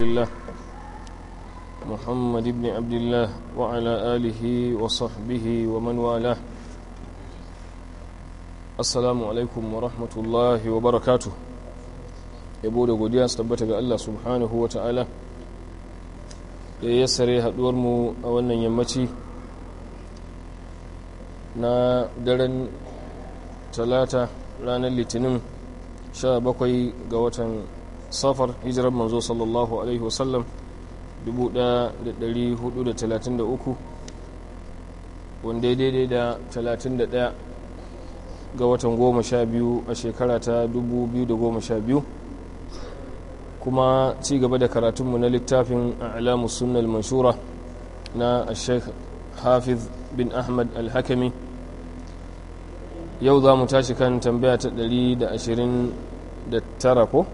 الله محمد بن عبد الله وعلى آله وصحبه ومن والاه alaikum wa rahmatullahi wa barakatu yabo da godiya su tabbata ga Allah subhanahu wa ta'ala da ya sare mu a wannan yammaci na daren talata ranar litinin sha bakwai ga watan safar hijirar manzo sallallahu alaihi wasallam 1433 wanda daidai da 31 ga watan 12 a shekara ta 2012 kuma ci gaba da karatunmu na littafin alamu sunnal manshura na sheikh hafiz bin ahmad al-hakami yau za mu tashi kan tambaya ta 129 ko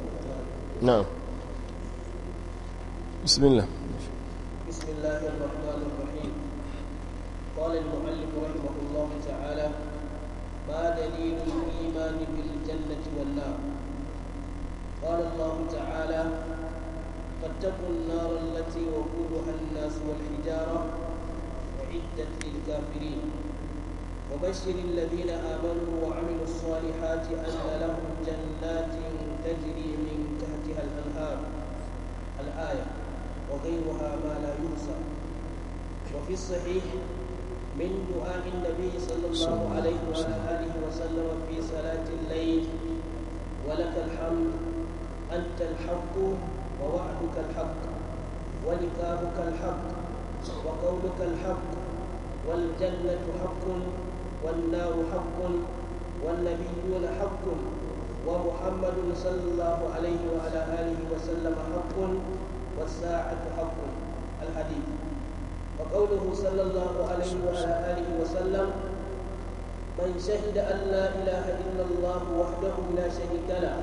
نعم بسم الله بسم الله الرحمن الرحيم قال المؤلف رحمه الله تعالى ما دليل الإيمان بالجنة والنار قال الله تعالى فاتقوا النار التي وقودها الناس والحجارة أعدت للكافرين وبشر الذين آمنوا وعملوا الصالحات أن لهم جنات تجري من الكتاب الآية وغيرها ما لا ينسى وفي الصحيح من دعاء النبي صلى الله عليه وعلى آله وسلم في صلاة الليل ولك الحمد أنت الحق ووعدك الحق ولكابك الحق وقولك الحق والجنة حق والنار حق والنبيون حق ومحمد صلى الله عليه وعلى آله وسلم حق والساعة حق الحديث وقوله صلى الله عليه وعلى آله وسلم من شهد أن لا إله إلا الله وحده لا شريك له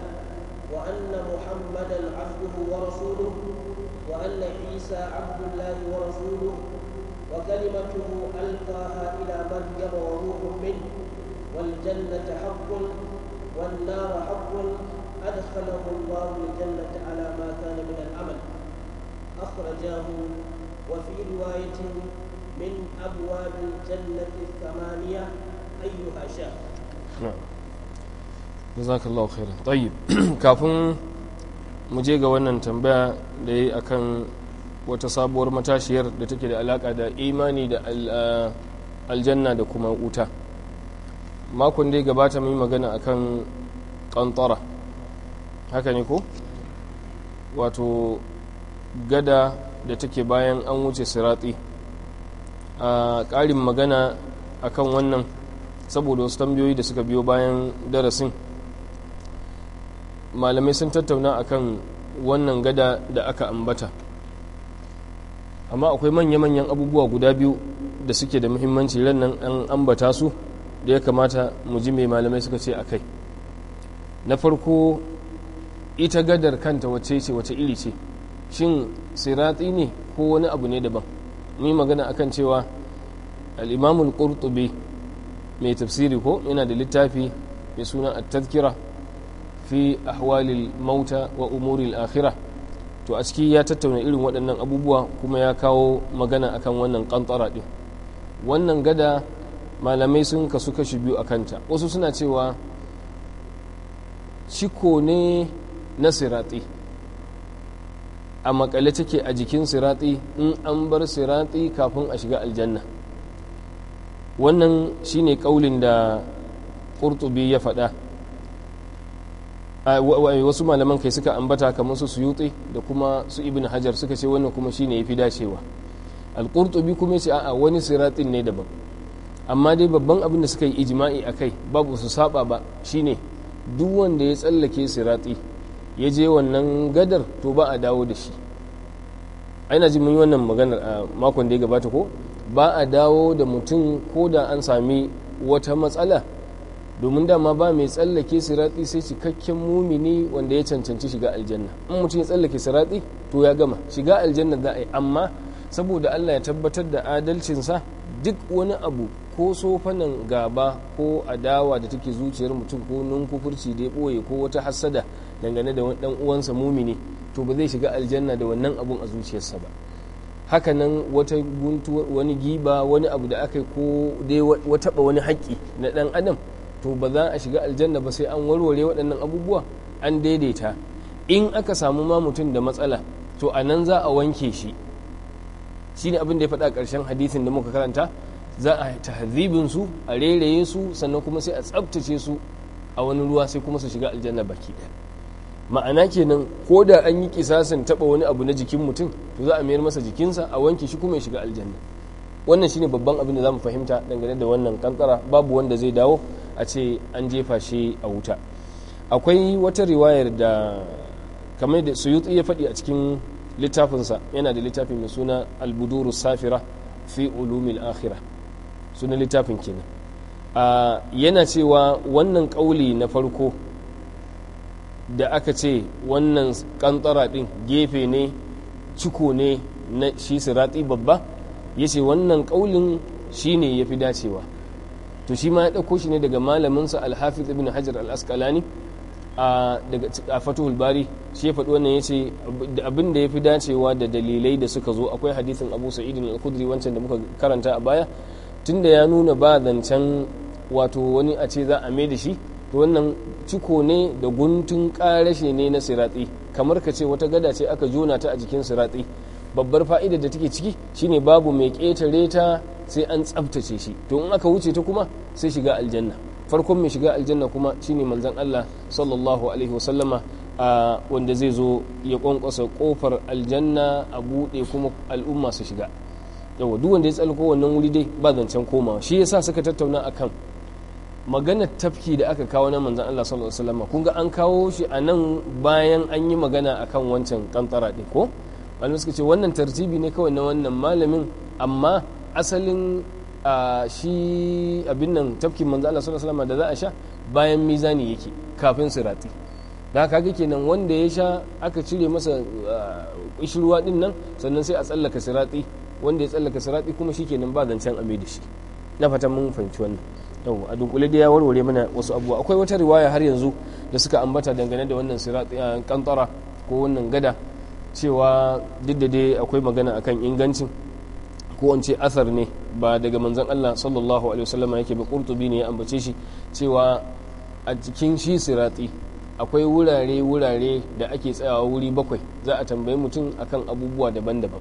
وأن محمدا عبده ورسوله وأن عيسى عبد الله ورسوله وكلمته ألقاها إلى مريم وروح منه والجنة حق والنار حق أدخله الله الجنة على ما كان من العمل أخرجاه وفي رواية من أبواب الجنة الثمانية أيها شاء نعم جزاك الله خيرا طيب كافون mu je ga wannan tambaya da yi akan wata sabuwar matashiyar da take da alaka da imani da aljanna da kuma wuta makon da ya gabata mai magana akan kantara haka ne ko wato gada da take bayan an wuce siratsi a ƙarin magana akan wannan saboda wasu tambayoyi da suka biyo bayan darasin malamai sun tattauna akan wannan gada da aka ambata amma akwai manya-manyan abubuwa guda biyu da suke da muhimmanci ran nan an ambata su da ya kamata mu ji mai malamai suka ce a kai na farko ita gadar kanta wace ce wace iri ce shin siratsi ne ko wani abu ne daban ni magana akan cewa imamul ƙurtubi mai tafsiri ko yana da littafi mai suna at-tazkira fi ahwalil mauta wa umuril akhira to a ciki ya tattauna irin waɗannan abubuwa kuma ya kawo magana akan wannan ƙantara ɗin wannan gada malamai sun kasu kashi biyu a kanta wasu suna cewa ciko ne na siratsi a makale take a jikin sirati in an bar siratsi kafin a shiga aljanna wannan shine kaulin da ƙurtubi ya faɗa wasu malaman kai suka ambata kamar su suyuti da kuma su ibn hajar suka ce wannan kuma shine ya fi dacewa alƙurtubi kuma ce a wani siratin ne daban amma dai babban abin da suka yi ijima'i a kai babu su saba ba shine duk wanda ya tsallake siratsi ya je wannan gadar to ba a dawo da shi aina ji mun wannan maganar a makon da ya gabata ko ba a dawo da mutum ko da an sami wata matsala domin dama ba mai tsallake siratsi sai cikakken mumini wanda ya cancanci shiga aljanna in mutum ya tsallake siratsi to ya gama shiga aljanna za a yi amma saboda allah ya tabbatar da adalcinsa duk wani abu ko sofanan gaba ko adawa da take zuciyar mutum ko nunkufurci da ya ɓoye ko wata hassada dangane da ɗan uwansa mumini to ba zai shiga aljanna da wannan abun a zuciyarsa ba hakanan wata guntuwar wani giba wani abu da aka yi ko dai wata ba wani haƙƙi na ɗan adam to ba za a shiga aljanna ba sai an warware waɗannan abubuwa an daidaita in aka samu ma mutum da matsala to a nan za a wanke shi shine abin da ya faɗa ƙarshen hadisin da muka karanta za a tahzibin su a reraye su sannan kuma sai a tsabtace su a wani ruwa sai kuma su shiga aljanna baki ɗaya ma'ana kenan ko da an yi kisasin taɓa wani abu na jikin mutum to za a mayar masa jikinsa a wanke shi kuma ya shiga aljanna wannan shine babban abin da za mu fahimta dangane da wannan kankara babu wanda zai dawo a ce an jefa shi a wuta akwai wata riwayar da kamar da suyuti ya faɗi a cikin littafinsa yana da littafi mai suna albuduru safira fi ulumil akhira sunan littafin kenan yana cewa wannan ƙauli na farko da aka ce wannan kantara din gefe ne ciko ne na shi sirati babba ya ce wannan ƙaulin shi ne ya fi dacewa to shi ma ya ɗauko shi ne daga malaminsa alhafiz ibn hajar al a daga a fatuhul bari shi ya faɗi wannan ce abin da ya fi dacewa da dalilai da suka zo akwai hadisin Abu Sa'id al kudri wancan da muka karanta a baya tunda ya nuna ba zancen wato wani a ce za a mai da shi to wannan ciko ne da guntun ƙarashe ne na siratsi kamar ka ce wata gada ce aka jona ta a jikin siratsi babbar fa'idar da take ciki shine babu mai ƙetare ta sai an tsaftace shi to in aka wuce ta kuma sai shiga aljanna farkon mai shiga aljanna kuma shine manzon Allah sallallahu alaihi wasallama a wanda zai zo ya kwankwasa kofar aljanna a buɗe kuma al'umma su shiga yawa duk wanda ya tsalko wannan wuri dai ba zancen komawa shi yasa suka tattauna akan maganar tafki da aka kawo na manzan Allah sallallahu alaihi wasallama kun ga an kawo shi a nan bayan an yi magana akan wancan kantara ɗin ko malamai suka ce wannan tartibi ne kawai na wannan malamin amma asalin shi abin nan tafkin manzo Allah sallallahu alaihi wasallam da za a sha bayan mizani yake kafin sirati da kaga kenan wanda ya sha aka cire masa kishirwa din nan sannan sai a tsallaka sirati wanda ya tsallaka sirati kuma shikenan ba zancen ame da shi na fatan mun fahimci wannan yau a dunkule da ya warware mana wasu abubuwa akwai wata riwaya har yanzu da suka ambata dangane da wannan sirati kantara ko wannan gada cewa duk da dai akwai magana akan ingancin ko ce asar ne ba daga manzon Allah sallallahu alaihi wasallama yake ba qurtubi ne ya ambace shi cewa a cikin shi sirati akwai wurare wurare da ake tsayawa wuri bakwai za a tambayi mutum akan abubuwa daban-daban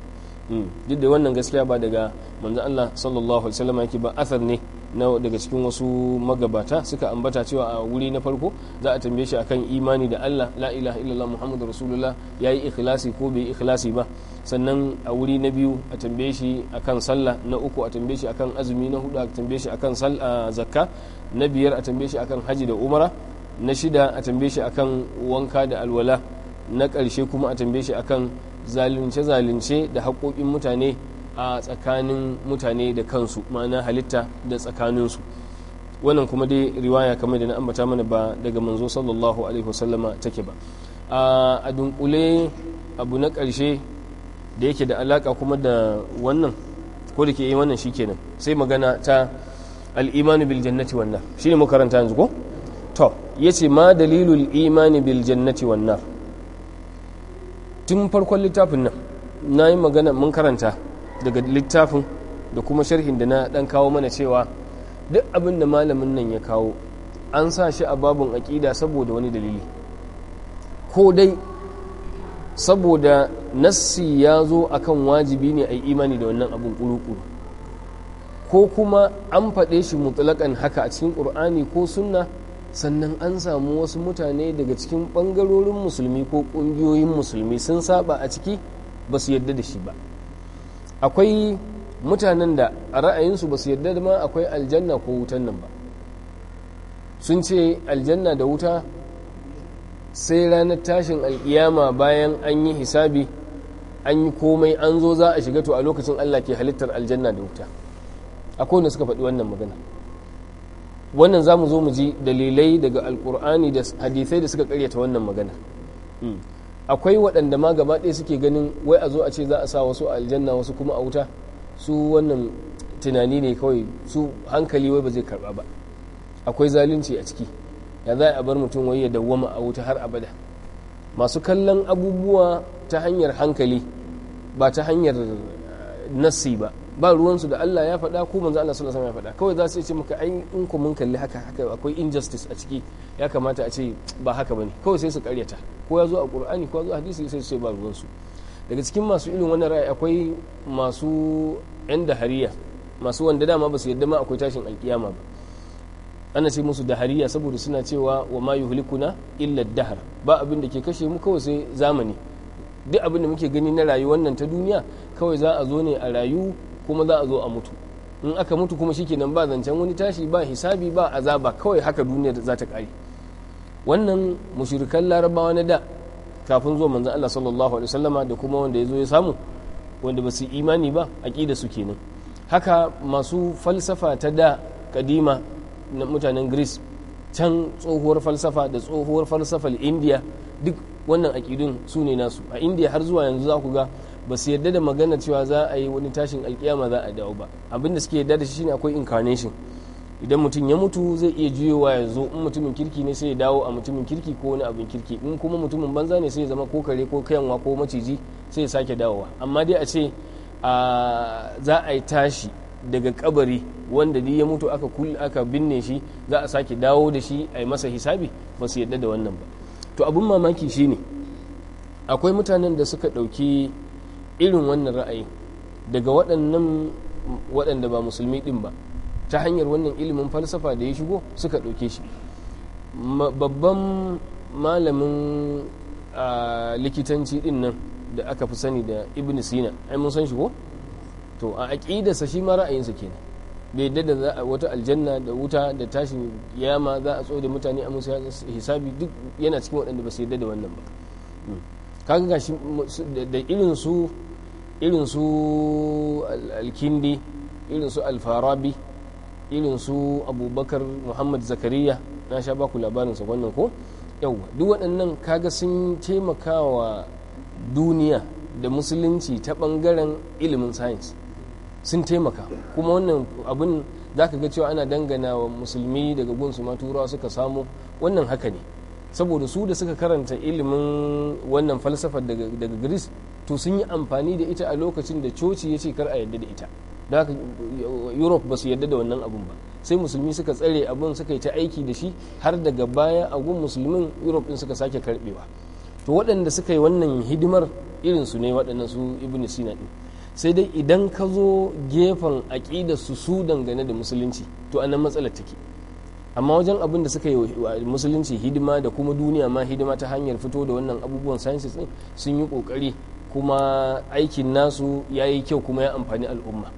hmm. duk da wannan gaskiya ba daga manzon Allah sallallahu alaihi wasallama yake ba asar ne na daga cikin wasu magabata suka ambata cewa a wuri na farko za a tambaye shi akan imani da Allah la ilaha illallah muhammadu rasulullah yi ikhlasi ko bai ikhlasi ba sannan a wuri na biyu a tambaye shi akan sallah na uku a tambaye shi akan azumi na hudu a tambaye shi akan zakka na biyar a tambaye shi akan haji da umara na shida a tambaye shi akan wanka da alwala na ƙarshe kuma a tambaye shi akan zalunce-zalunce da haƙoƙin mutane a tsakanin mutane da kansu ma'ana halitta da tsakaninsu wannan kuma dai riwaya kamar da na ambata mana ba daga manzo sallallahu alaihi wasallama take ba a dunkule abu na ƙarshe da yake da alaka kuma da wannan ko da ke yi eh wannan shikenan sai magana ta al'imani bil jannati wannan shine mu karanta yanzu ko to yace ma dalilul imani bil jannati wannan tun farkon littafin nan na yi magana mun karanta daga littafin da kuma sharhin da na dan kawo mana cewa duk abin da malamin nan ya kawo an sa shi a babin aƙida saboda wani dalili ko dai saboda nassi ya zo akan wajibi ne a yi imani da wannan abin ƙuruƙuru ko kuma an faɗe shi mutlaƙan haka a cikin ƙur'ani ko sunna sannan an samu wasu mutane daga cikin ɓangarorin musulmi ko ƙungiyoyin musulmi sun saba a ciki ba su yarda da shi ba akwai mutanen da a ra'ayinsu ba su yarda da ma akwai aljanna ko wutan nan ba sun ce aljanna da wuta sai ranar tashin alkiyama bayan an yi hisabi an yi komai an zo za a shiga to a lokacin allah ke halittar aljanna da wuta akwai wanda suka faɗi wannan magana wannan za mu zo mu ji dalilai daga alkur'ani da hadisai da suka karyata wannan magana hmm. akwai waɗanda ma gaba ɗaya suke ganin wai a zo a ce za a sa wasu aljanna wasu kuma a wuta su wannan tunani ne kawai su hankali wai ba zai karɓa ba akwai zalunci a ciki ya za a bar mutum wai ya dawwama a wuta har abada masu kallon abubuwa ta hanyar hankali ba ta hanyar eh, nassi ba ba ruwansu da Allah ya faɗa ko manzo Allah sallallahu alaihi wasallam ya faɗa kawai za su ce maka ai in ku mun kalli haka haka akwai injustice a ciki ya kamata a ce ba haka bane kawai sai su karyata ko ya zo a Qur'ani ko ya zo a hadisi sai su ce ba ruwansu daga cikin masu irin wannan ra'ayi akwai masu yan dahariya masu wanda dama ba su yadda ma akwai tashin alkiyama ba ana ce musu dahariya saboda suna cewa wa ma yuhlikuna illa dahar ba abin da ke kashe mu kawai sai zamani duk abin da muke gani na rayuwar nan ta duniya kawai za a zo ne a rayu kuma za a zo a mutu in aka mutu kuma shi shikenan ba zancen wani tashi ba hisabi ba azaba kawai haka duniya za ta kare wannan mushirikan larabawa na da kafin zuwa manzon Allah sallallahu alaihi wasallama da kuma wanda ya ya samu wanda ba su imani ba aqida su kenan haka masu falsafa ta da kadima na mutanen Greece can tsohuwar falsafa da tsohuwar falsafar India duk wannan aƙidun su ne nasu a indiya har zuwa yanzu za ku ga ba su yarda da magana cewa za a yi wani tashin alkiyama za a dawo ba abinda suke yarda da shi ne akwai incarnation idan mutum ya mutu zai iya juyowa ya zo in mutumin kirki ne sai ya dawo a mutumin kirki ko wani abin kirki in kuma mutumin banza ne sai ya zama ko kare ko kayanwa ko maciji sai ya sake dawowa amma dai a ce za a yi tashi daga kabari wanda ni ya mutu aka kul aka binne shi za a sake dawo da shi a yi masa hisabi ba su yarda da wannan ba to abin mamaki shine akwai mutanen da suka ɗauki irin wannan ra'ayin daga waɗannan waɗanda ba musulmi ɗin ba ta hanyar wannan ilimin falsafa da ya shigo suka ɗauke shi babban malamin likitanci ɗin nan da aka fi sani da ibn sina ai mun san shi to a aƙidarsa shi ma ra'ayinsa kenan bai yadda da za a wata aljanna da wuta da tashin yama za a tso da mutane a musu hisabi duk yana cikin waɗanda ba su yadda da wannan ba hmm. kaga shi da irin su irin su alkindi irin su alfarabi irin su abubakar muhammad zakariya na sha baku su wannan ko yauwa duk waɗannan kaga sun taimakawa duniya da musulunci ta ɓangaren ilimin science sun taimaka kuma wannan abin za ka ga cewa ana dangana wa musulmi daga gunsu ma turawa suka samu wannan haka ne saboda su da suka karanta ilimin wannan falsafar daga greece to sun yi amfani da ita a lokacin da coci ya ce kar a yadda da ita da haka europe ba su yadda da wannan abun ba sai musulmi suka tsare abun suka yi ta aiki da shi har daga baya agun musulmin europe din suka sake karbewa to waɗanda suka yi wannan hidimar irin su ne waɗannan su ibn sina din sai dai idan ka zo gefen aƙidar su su dangane da musulunci to anan matsalar take amma wajen abin da suka yi musulunci hidima da kuma duniya ma hidima ta hanyar fito da wannan abubuwan sciences din sun yi kokari kuma aikin nasu ya yi kyau kuma ya amfani al'umma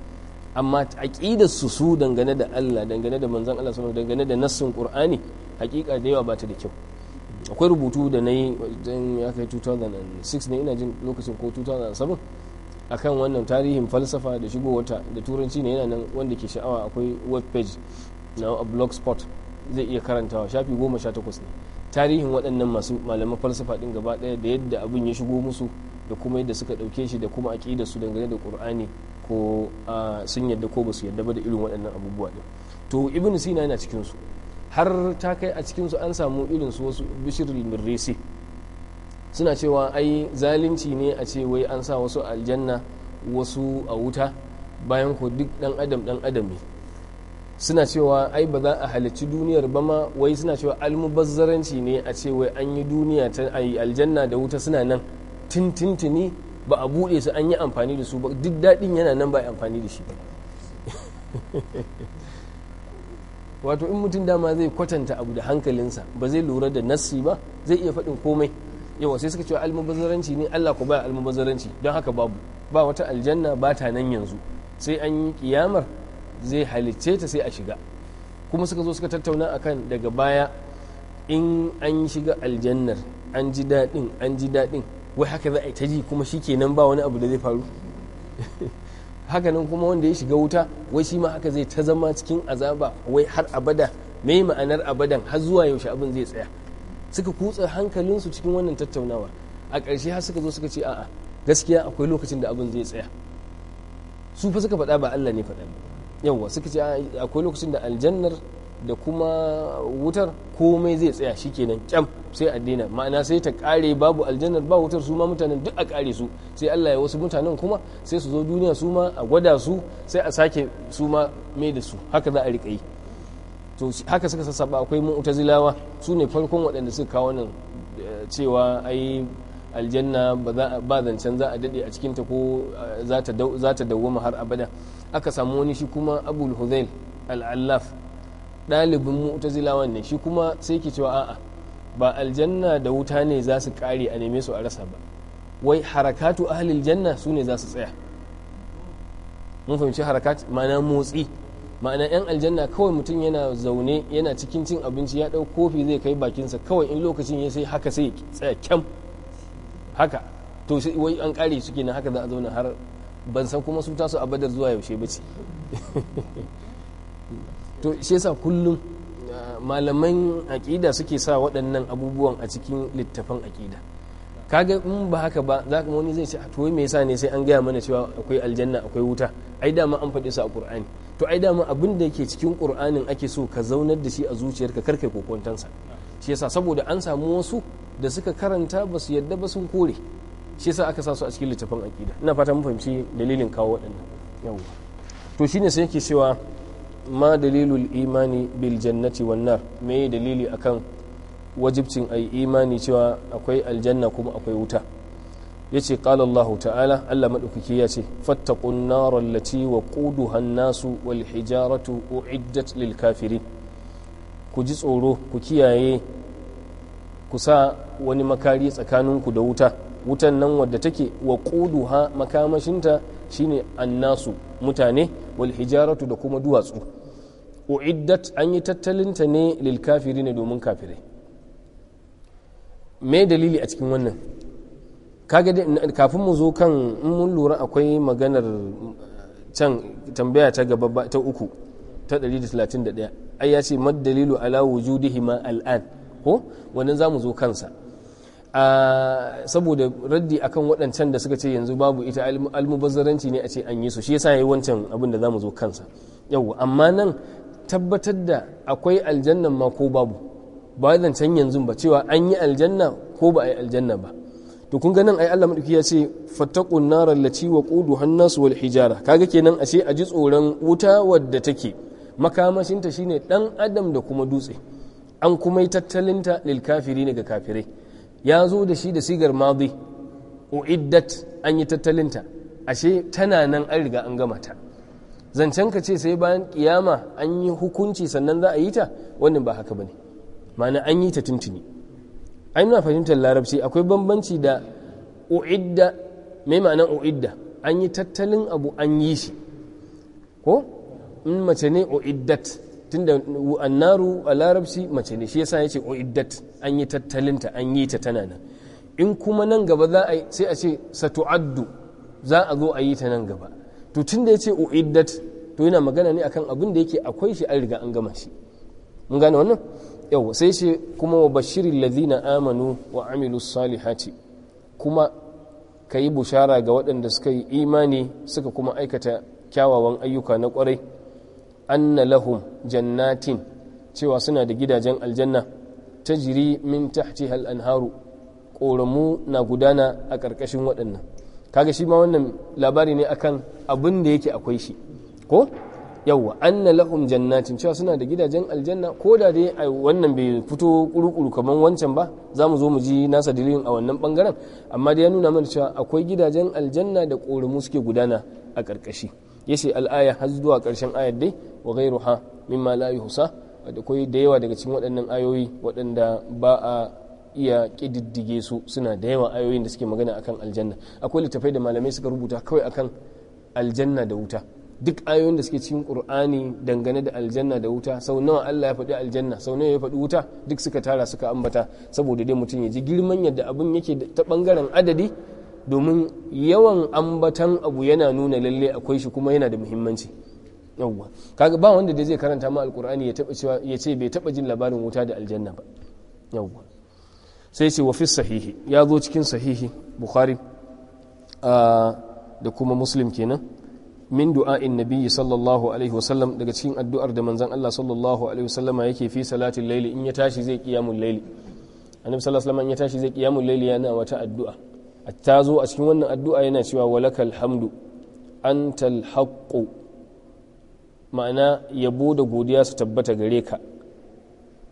amma aƙidar su su dangane da Allah dangane da manzon Allah sallallahu dangane da nassin Qur'ani hakika da yawa ba ta da kyau akwai rubutu da nayi wajen ya kai 2006 ne ina jin lokacin ko 2007 akan wannan tarihin falsafa da shigo wata da turanci ne yana nan wanda ke sha'awa akwai web page na blogspot zai iya karantawa shafi goma sha takwas ne tarihin waɗannan masu malaman falsafa ɗin gaba ɗaya da yadda abin ya shigo musu da kuma yadda suka ɗauke shi da kuma aƙidar su dangane da ƙur'ani ko sun yadda ko ba su yadda ba da irin waɗannan abubuwa ɗin to ibn sina yana cikin su har ta kai a cikin su an samu irin su wasu bishir mirrisi suna cewa ai zalunci ne a ce wai an sa wasu aljanna wasu a wuta bayan ko duk ɗan adam dan adam ne suna cewa ai ba za a halicci duniyar ba ma wai suna cewa almubazzaranci ne a ce wai an yi duniya ta ai aljanna da wuta suna nan tintintini ba a buɗe su an yi amfani da su ba duk daɗin yana nan ba amfani da shi ba wato in mutum dama zai kwatanta abu da hankalinsa ba zai lura da nassi ba zai iya faɗin komai yawa sai suka cewa almubazzaranci ne Allah ku ba almubazzaranci don haka babu ba wata aljanna ba ta nan yanzu sai an yi kiyamar zai halicce ta sai a shiga kuma suka zo suka tattauna akan daga baya in an shiga aljannar an ji daɗin an ji daɗin wai haka za a yi ta ji kuma shi kenan ba wani abu da zai faru haka nan kuma wanda ya shiga wuta wai shi ma haka zai ta zama cikin azaba wai har abada mai ma'anar abadan har zuwa yaushe abin zai tsaya suka kutsa hankalinsu cikin wannan tattaunawa a ƙarshe har suka zo suka ce a'a gaskiya akwai lokacin da abin zai tsaya su fa suka faɗa ba Allah ne faɗa ba yawwa suka ce akwai lokacin da aljannar da kuma wutar komai zai tsaya shi kenan kyam sai a daina ma'ana sai ta kare babu aljannar ba wutar su ma mutanen duk a kare su sai Allah ya wasu mutanen kuma sai su zo duniya su ma a gwada su sai a sake su ma mai da su haka za a riƙa yi to haka suka sassaba akwai mu'tazilawa su ne farkon waɗanda suka kawo nan eh, cewa ai aljanna ba zancen za a daɗe a cikinta ko eh, za ta dawwama har abada aka samu wani shi kuma abul huzail al'allaf ɗalibin mu'tazilawan ne shi kuma sai ke cewa a'a ba aljanna da wuta ne za su kare a neme su a rasa ba wai harakatu ahalil janna su ne za su tsaya mun fahimci harakat ma'ana motsi ma'ana yan aljanna kawai mutum yana zaune yana cikin cin abinci ya ɗau kofi zai kai bakinsa kawai in lokacin ya sai haka sai tsaya kyam haka to wai an kare suke na haka za a zauna har ban san kuma su taso a badar zuwa yaushe ba ce to shi yasa kullum ah, malaman aƙida suke sa waɗannan abubuwan a cikin littafan aƙida kaga in ba haka ba za ka wani zai ce a to me yasa ne sai an gaya mana cewa akwai aljanna akwai wuta ai dama an faɗi su a qur'ani to ai dama abin da yake cikin qur'anin ake so ka zaunar da shi a zuciyarka kar kokontansa shi yasa saboda an samu wasu da suka karanta ba su yadda ba sun kore shi yasa aka sa su a cikin littafin aqida ina fata mun fahimci dalilin kawo waɗannan yawa to shine sai yake cewa ma dalilul imani bil jannati wan nar me dalili akan wajibcin ai imani cewa akwai aljanna kuma akwai wuta yace qala Allah ta'ala Allah madaukaki yace ce fattaqun nar allati waquduha an-nasu wal hijaratu uiddat lil kafirin ku ji tsoro ku kiyaye ku sa wani makari tsakaninku da wuta wutan nan wadda take wa ha makamashinta shine annasu mutane wal hijaratu da kuma duwatsu uiddat an yi tattalinta ne lil kafiri ne domin kafirai me dalili a cikin wannan kafin mu zo kan in mun lura akwai maganar can tambaya ta gaba ta uku ta 131 ai ya ce mad dalilu ala wujudihima al'an ko wannan za mu zo kansa saboda raddi akan waɗancan da suka ce yanzu babu ita almubazzaranci ne a ce an yi su shi yasa yayi wancan abin da za mu zo kansa yau amma nan tabbatar da akwai aljannan ma ko babu ba zancen yanzu ba cewa an yi aljanna ko ba a yi aljanna ba to kun ganin ai Allah madauki ya ce fattaqun naral lati wa quduha nas wal hijara kaga kenan ashe a ji tsoron wuta wadda take makamashinta shine dan adam da kuma dutse an kuma yi tattalinta lil kafiri ga kafirai ya zo da shi da sigar madi uiddat an yi tattalinta ashe tana nan an riga an gama ta zancen ka ce sai bayan kiyama an yi hukunci sannan za a yi ta wannan ba haka bane ma'ana an yi ta tuntuni ai na fahimtar larabci akwai bambanci da uidda mai ma'anar uidda an yi tattalin abu an yi shi ko in mace ne uiddat tunda annaru a larabci mace ne shi yasa ya ce iddat an yi tattalinta an yi ta tana nan in kuma nan gaba za a sai a ce addu za a zo a yi ta nan gaba to tunda ya ce iddat to yana magana ne akan abin da yake akwai shi an riga an gama shi mun gane wannan yau sai ce kuma wa bashirin lazina amanu wa amilu salihati kuma ka yi bushara ga waɗanda suka yi imani suka kuma aikata kyawawan ayyuka na kwarai. anna lahum jannatin cewa suna da gidajen aljanna ta jiri min tahti hal anharu ƙoramu na gudana a ƙarƙashin waɗannan kaga shi ma wannan labari ne akan abin da yake akwai shi ko yawwa anna lahum jannatin cewa suna da gidajen aljanna ko da dai wannan bai fito kurukuru kaman wancan ba za mu zo mu ji nasa dalilin a wannan bangaren amma dai ya nuna mana cewa akwai gidajen aljanna da ƙoramu suke gudana a ƙarƙashi ya al'aya har zuwa karshen ayar dai wa gairu ha mimma la yuhsa da yawa daga cikin waɗannan ayoyi waɗanda ba a iya ƙididdige su suna da yawa ayoyin da suke magana akan aljanna akwai littafai da malamai suka rubuta kawai akan aljanna da wuta duk ayoyin da suke cikin qur'ani dangane da aljanna da wuta sau nawa Allah ya faɗi aljanna sau nawa ya faɗi wuta duk suka tara suka ambata saboda dai mutum ya ji girman yadda abun yake ta bangaren adadi domin yawan ambatan abu yana nuna lalle akwai shi kuma yana da muhimmanci yawwa kaga ba wanda da zai karanta ma alkur'ani ya taba cewa ya ce bai taba jin labarin wuta da aljanna ba yawwa sai ce wa fi sahihi ya zo cikin sahihi bukhari da kuma muslim kenan min du'a'in nabiyyi sallallahu alaihi wasallam daga cikin addu'ar da manzon Allah sallallahu alaihi wasallama yake fi salatin layli in ya tashi zai qiyamul layli annabi sallallahu alaihi wasallam in ya tashi zai qiyamul layli yana wata addu'a ta zo a cikin wannan addu'a yana cewa walakal hamdu antal haqqu ma'ana yabo da godiya su tabbata gare ka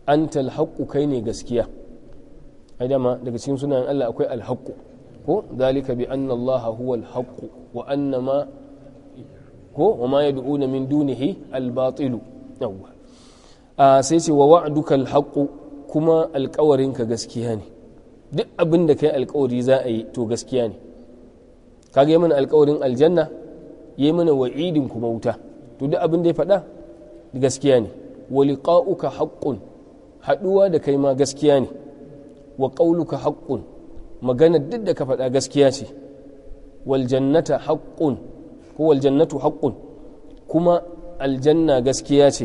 antal haqqu kai ne gaskiya ai dama daga cikin sunayen Allah akwai alhaqqu ko zalika bi anna Allah huwa alhaqqu wa anna ko wa ma yad'una min dunihi albatilu yawwa ah, sai ce wa wa'duka alhaqqu kuma ka gaskiya ne duk abin da kai alkawari za a yi to gaskiya ne kaga yi mana alkawarin aljanna yi mana wa'idin kuma wuta to duk abin da ya faɗa gaskiya ne wali liqa'uka haqqun haɗuwa da kai ma gaskiya ne wa qauluka haqqun magana duk da ka faɗa gaskiya ce wal jannata haqqun ko wal jannatu haqqun kuma aljanna gaskiya ce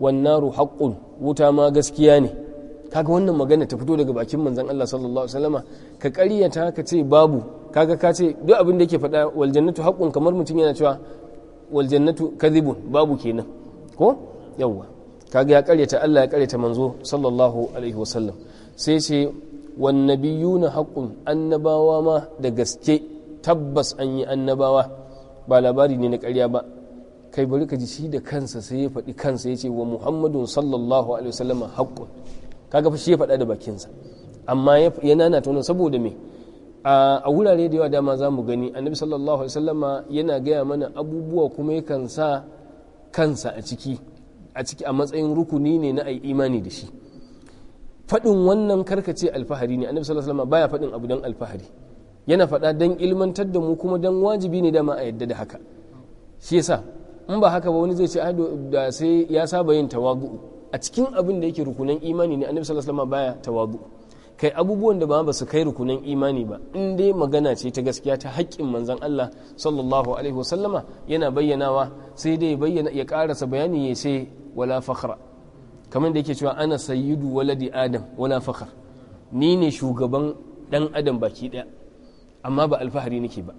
wan naru haqqun wuta ma gaskiya ne kaga wannan magana ta fito daga bakin manzon Allah sallallahu alaihi wasallama ka ƙaryata ka ce babu kaga ka ce duk abin da yake faɗa wal jannatu haqqun kamar mutum yana cewa wal jannatu kadhibun babu kenan ko yawwa kaga ya ƙaryata Allah ya ƙaryata manzo sallallahu alaihi wasallam sai ce wan nabiyuna haqqun annabawa ma da gaske tabbas an yi annabawa ba labari ne na ƙarya ba kai bari ka ji shi da kansa sai ya faɗi kansa ya ce wa muhammadun sallallahu alaihi wasallama haqqun kaga fa shi ya faɗa da bakinsa amma ya nana ta saboda me a wurare da yawa dama za mu gani annabi sallallahu alaihi wasallama yana gaya mana abubuwa kuma yakan sa kansa a ciki a ciki a matsayin rukuni ne na ai imani da shi faɗin wannan karkace alfahari ne annabi sallallahu alaihi wasallama baya faɗin abu dan alfahari yana faɗa dan ilmantar da mu kuma dan wajibi ne dama a yadda da haka shi yasa in ba haka ba wani zai ce da sai ya saba yin tawagu'u a cikin abin da yake rukunan imani ne annabi sallallahu alaihi wasallam baya tawadu kai abubuwan da ba ba su kai rukunan imani ba in dai magana ce ta gaskiya ta haƙƙin manzon Allah sallallahu alaihi wasallama yana bayyanawa sai dai bayyana ya karasa bayani ya ce wala fakhra kamar da yake cewa ana sayyidu waladi adam wala fakhr ni ne shugaban dan adam baki daya amma ba alfahari nake ba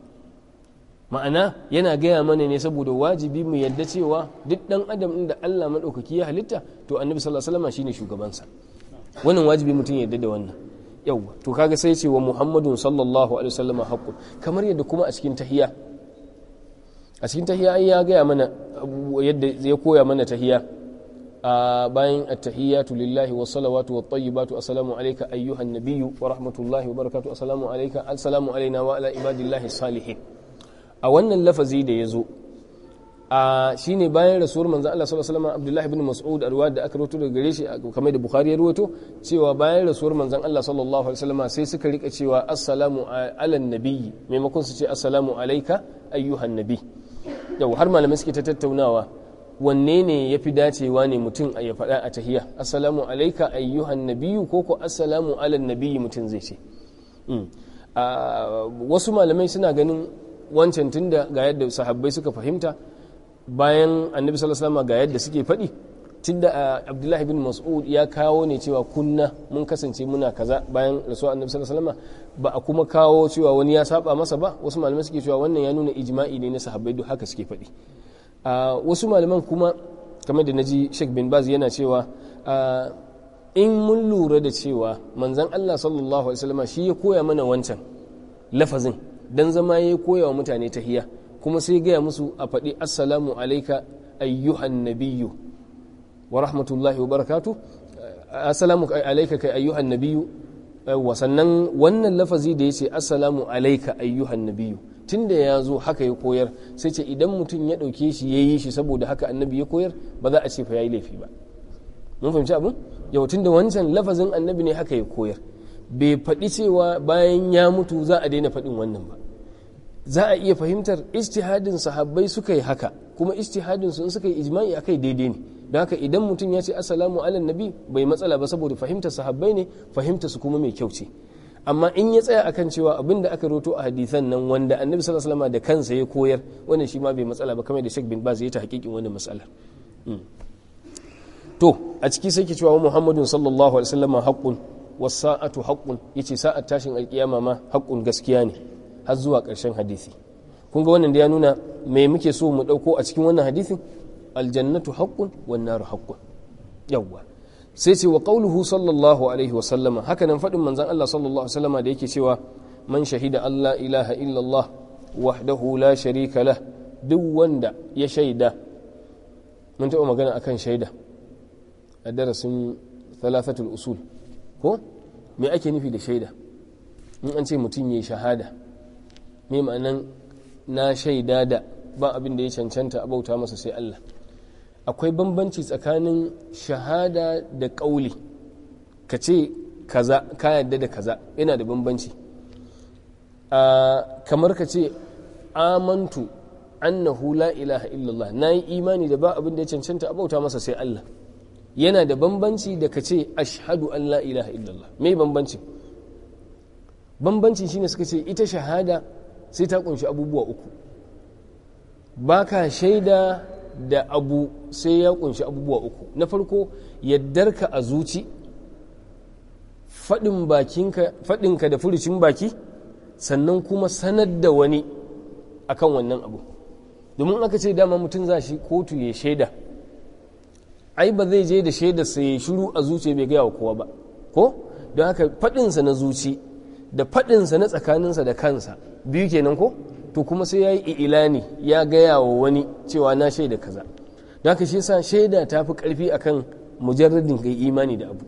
ma'ana yana gaya mana ne saboda wajibi mu yadda cewa duk dan adam da Allah madaukaki ya halitta to annabi sallallahu alaihi wasallam shine sa wannan wajibi mutum yadda da wannan yawwa to kaga sai ce wa muhammadun sallallahu alaihi wasallam haqqun kamar yadda kuma a cikin tahiya a cikin tahiya ai ya gaya mana yadda ya koya mana tahiya a bayan at-tahiyatu lillahi was salawatu wat tayyibatu assalamu alayka ayyuhan nabiyyu wa rahmatullahi wa barakatuhu assalamu alayka assalamu alayna wa ala ibadillahi salihin a wannan lafazi da ya zo a ne bayan rasuwar manzo Allah sallallahu alaihi wasallam Abdullah ibn Mas'ud arwa da aka rawaito daga gare shi kamar da Bukhari ya rawaito cewa bayan rasuwar manzo Allah sallallahu alaihi wasallam sai suka rika cewa assalamu ala nabiyyi maimakon su ce assalamu alayka ayyuhan nabi yau har malamai suke ta tattaunawa wanne ne ya fi dacewa ne mutum ya faɗa a tahiya assalamu alaika ayyuhan nabiyu ko ko assalamu ala nabiyyi mutum zai ce hmm. wasu malamai suna ganin wancan tun da ga yadda sahabbai suka fahimta bayan annabi sallallahu alaihi ga yadda suke faɗi tun da abdullahi bin mas'ud ya kawo ne cewa kunna mun kasance muna kaza bayan rasuwa annabi sallallahu alaihi ba a kuma kawo cewa wani ya saba masa ba wasu malamai suke cewa wannan ya nuna ijma'i ne na sahabbai duk haka suke faɗi wasu malaman kuma kamar da naji Sheikh bin Baz yana cewa in mun lura da cewa manzon Allah sallallahu alaihi wasallam shi ya koya mana wancan lafazin dan zama ya koya wa mutane tahiya kuma sai gaya musu a faɗi assalamu alaika ayyuhan nabiyyu wa rahmatullahi wa barakatu assalamu alaika kai ayyuhan nabiyyu wa sannan wannan lafazi da ya ce assalamu alaika ayyuhan nabiyyu tunda ya zo haka ya koyar sai ce idan mutum ya ɗauke shi ya yi shi saboda haka annabi ya koyar ba za a ce fa ya yi laifi ba mun fahimci abu? yau tunda wancan lafazin annabi ne haka ya koyar bai faɗi cewa bayan ya mutu za a daina faɗin wannan ba za a iya fahimtar istihadin sahabbai suka yi haka kuma istihadin su suka yi ijma'i akai daidai ne don haka idan mutum ya ce assalamu ala nabi bai matsala ba saboda fahimtar sahabbai ne fahimtar su kuma mai kyau ce amma in ya tsaya akan cewa abin da aka roto a hadisan nan wanda annabi sallallahu alaihi da kansa ya koyar wannan shi ma bai matsala ba kamar da Sheikh bin Baz ya ta hakikin wannan matsalar hmm. to a ciki sai ke cewa Muhammadun sallallahu alaihi wasallam haqqun was sa'atu haqqun yace sa'at tashin alkiyama ma haqqun gaskiya ne har zuwa ƙarshen hadisi kun ga wannan da ya nuna me muke so mu ɗauko a cikin wannan hadisin aljannatu haƙƙun, wan naru haqqun yawwa sai ce wa qauluhu sallallahu alaihi wa sallama haka nan faɗin manzon Allah sallallahu alaihi wa sallama da yake cewa man shahida Allah ilaha illallah wahdahu la sharika lah duk wanda ya shaida mun taɓa magana akan shaida a darasin thalathatul usul ko me ake nufi da shaida in an ce mutum yayi shahada ni ma'anan na shaida da ba abin da ya cancanta a bauta masa sai Allah akwai bambanci tsakanin shahada da ƙauli ka ce kaza ka yadda da kaza yana da bambanci kamar ka ce amantu annahu la ilaha illallah na yi imani da ba abin da ya cancanta a bauta masa sai Allah yana da bambanci da ka ce ashhadu an la ilaha illallah me bambanci bambanci shine suka ce ita shahada sai ta kunshi abubuwa uku ba ka shaida da abu sai ya kunshi abubuwa uku na farko yaddarka a zuci faɗinka da furucin baki sannan kuma sanar da wani akan wannan abu domin aka ce dama mutum za shi kotu ya shaida ai ba zai je da shaida sai ya shiru a zuci bai gaya wa kowa ba ko don haka faɗinsa na zuci da faɗinsa na tsakaninsa da kansa biyu kenan ko to kuma sai ya yi ilani ya gaya wa wani cewa na shaida kaza za haka shi sa shaida ta fi ƙarfi akan mujarradin kai imani da abu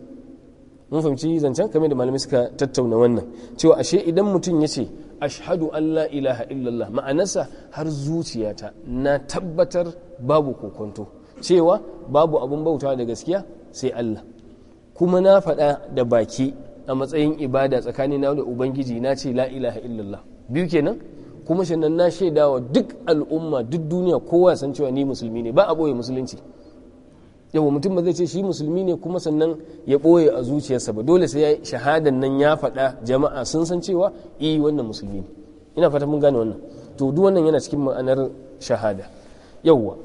mun fahimci zancen kamar da malamai suka tattauna wannan cewa ashe idan mutum ya ce ashadu allah ilaha illallah ma'anarsa har zuciyata na tabbatar babu kokonto cewa babu abun bauta da gaskiya sai Allah kuma na faɗa da baki a matsayin ibada tsakani na da ubangiji na ce la ilaha illallah biyu kenan kuma sannan na shaidawa duk al'umma duk duniya kowa san cewa ni musulmi ne ba a boye musulunci yau mutum ba zai ce shi musulmi ne kuma sannan ya boye a zuciyarsa ba dole sai ya shahadan nan ya fada jama'a sun san cewa i eh, wannan musulmi ne ina fata mun gane wannan to duk wannan yana cikin ma'anar shahada yawwa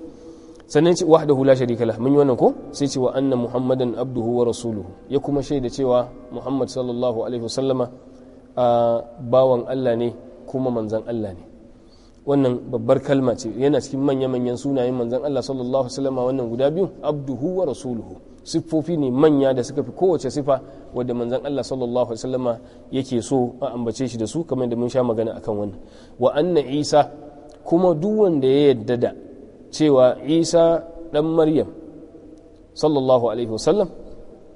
sannan ce wahda hula sharika lah mun yi wannan ko sai ce wa anna muhammadan abduhu wa rasuluhu ya kuma shaida cewa muhammad sallallahu alaihi wasallama bawan Allah ne kuma manzan Allah ne wannan babbar kalma ce yana cikin manya-manyan sunayen manzan Allah sallallahu alaihi wasallama wannan guda biyu abduhu wa rasuluhu siffofi ne manya da suka fi kowace sifa wadda manzan Allah sallallahu alaihi wasallama yake so a ambace shi da su kamar da mun sha magana akan wannan wa anna isa kuma duk wanda ya yadda da cewa isa ɗan maryam sallallahu alaihi wasallam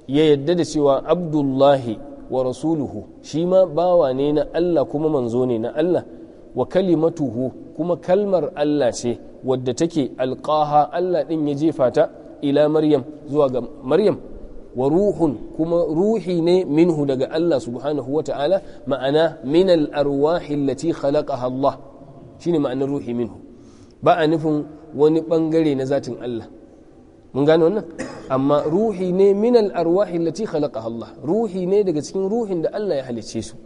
ya yadda da cewa abdullahi wa rasuluhu shi ma bawa ne na allah kuma manzo ne na allah wa kalimatuhu kuma kalmar allah ce wadda take alƙaha allah ɗin ya jefa ta ila maryam zuwa ga maryam wa ruhun kuma ruhi ne minhu daga allah subhanahu wa ta'ala ma'ana min al-arwahi allati khalaqaha allah shine ma'anar ruhi minhu ba a nufin wani bangare na zatin Allah mun gane wannan amma ruhi ne minal arwahi lati khalaqa Allah ruhi ne daga cikin ruhin da Allah ya halice su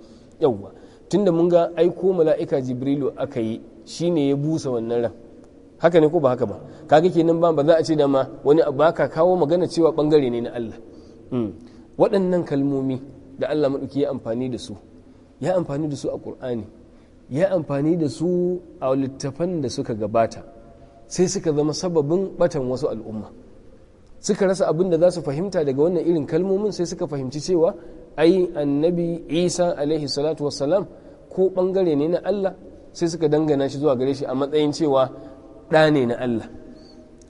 yawwa tunda mun ga aiko mala'ika jibrilu aka yi shine ya busa wannan ran haka ne ko ba haka ba kaga kenan ba ba za a ce da ma wani abu ka kawo magana cewa bangare ne na Allah hmm. waɗannan kalmomi da Allah madauki ya amfani da su ya amfani da su a Kur'ani ya amfani da su a littafan da suka gabata sai suka zama sababin batan wasu al'umma suka rasa abin da za su fahimta daga wannan irin kalmomin sai suka fahimci cewa ai annabi isa alaihi salatu wassalam ko bangare ne na allah sai suka dangana shi zuwa gare shi a matsayin cewa ɗa ne na allah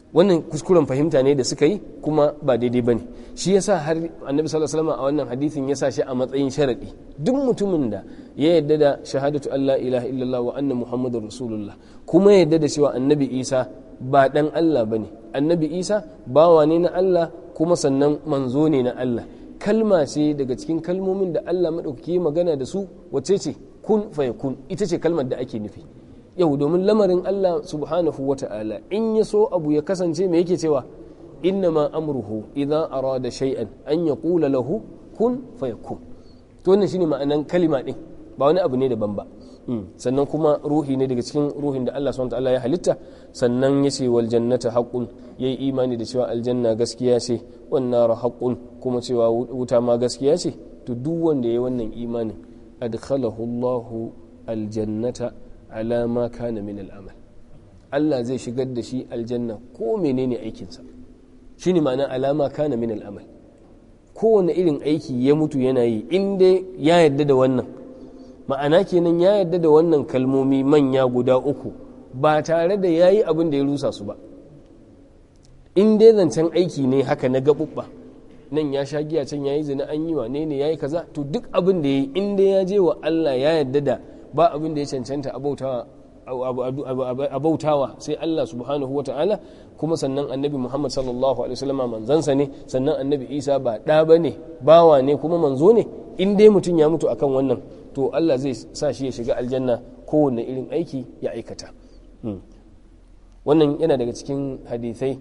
wannan kuskuren fahimta ne da suka yi kuma ba daidai ba ne shi yasa har annabi sallallahu alaihi a wannan hadisin ya sa shi a matsayin sharadi duk mutumin da ya yarda da shahadatu Allah ilaha illallah wa anna muhammadur rasulullah kuma ya yadda da cewa annabi Isa ba dan Allah ba ne annabi Isa bawa ne na Allah kuma sannan manzo ne na Allah kalma ce daga cikin kalmomin da Allah madaukaki magana da su wace ce kun fayakun ita ce kalmar da ake nufi yau domin lamarin Allah subhanahu wa ta'ala in ya so abu ya kasance mai yake cewa inna ma amruhu idan arada shay'an an kula lahu kun fayakun to wannan shine ma'anan kalima din ba wani abu ne daban ba hmm. sannan kuma ruhi ne daga cikin ruhin da Allah subhanahu ta'ala ya halitta sannan ya ce wal jannata haqqun yayi imani da cewa aljanna gaskiya ce wan nar haqqun kuma cewa wuta ma gaskiya ce to duk wanda yayi wannan imanin adkhalahu Allahu aljannata alama kana min al'amal Allah zai shigar da shi aljanna ko menene aikinsa shi ne ma'ana alama kana min al'amal kowane irin aiki ya mutu yana yi in ya yarda da wannan ma'ana kenan ya yarda da wannan kalmomi manya guda uku ba tare da ya yi abin da ya rusa su ba in dai zancen aiki ne haka na gaɓuɓɓa nan ya sha giya can ya yi zina an yi wa ne ya yi kaza to duk abin da ya yi in dai ya je wa Allah ya yarda da ba abin da ya cancanta a bautawa sai Allah subhanahu wa ta'ala kuma sannan annabi Muhammad sallallahu alaihi wasallama manzansa ne sannan annabi Isa ba ɗa ba ne bawa ne kuma manzo ne in dai mutum ya mutu akan wannan to Allah zai sa shi ya shiga aljanna kowane irin aiki ya aikata hmm. wannan yana daga cikin hadithai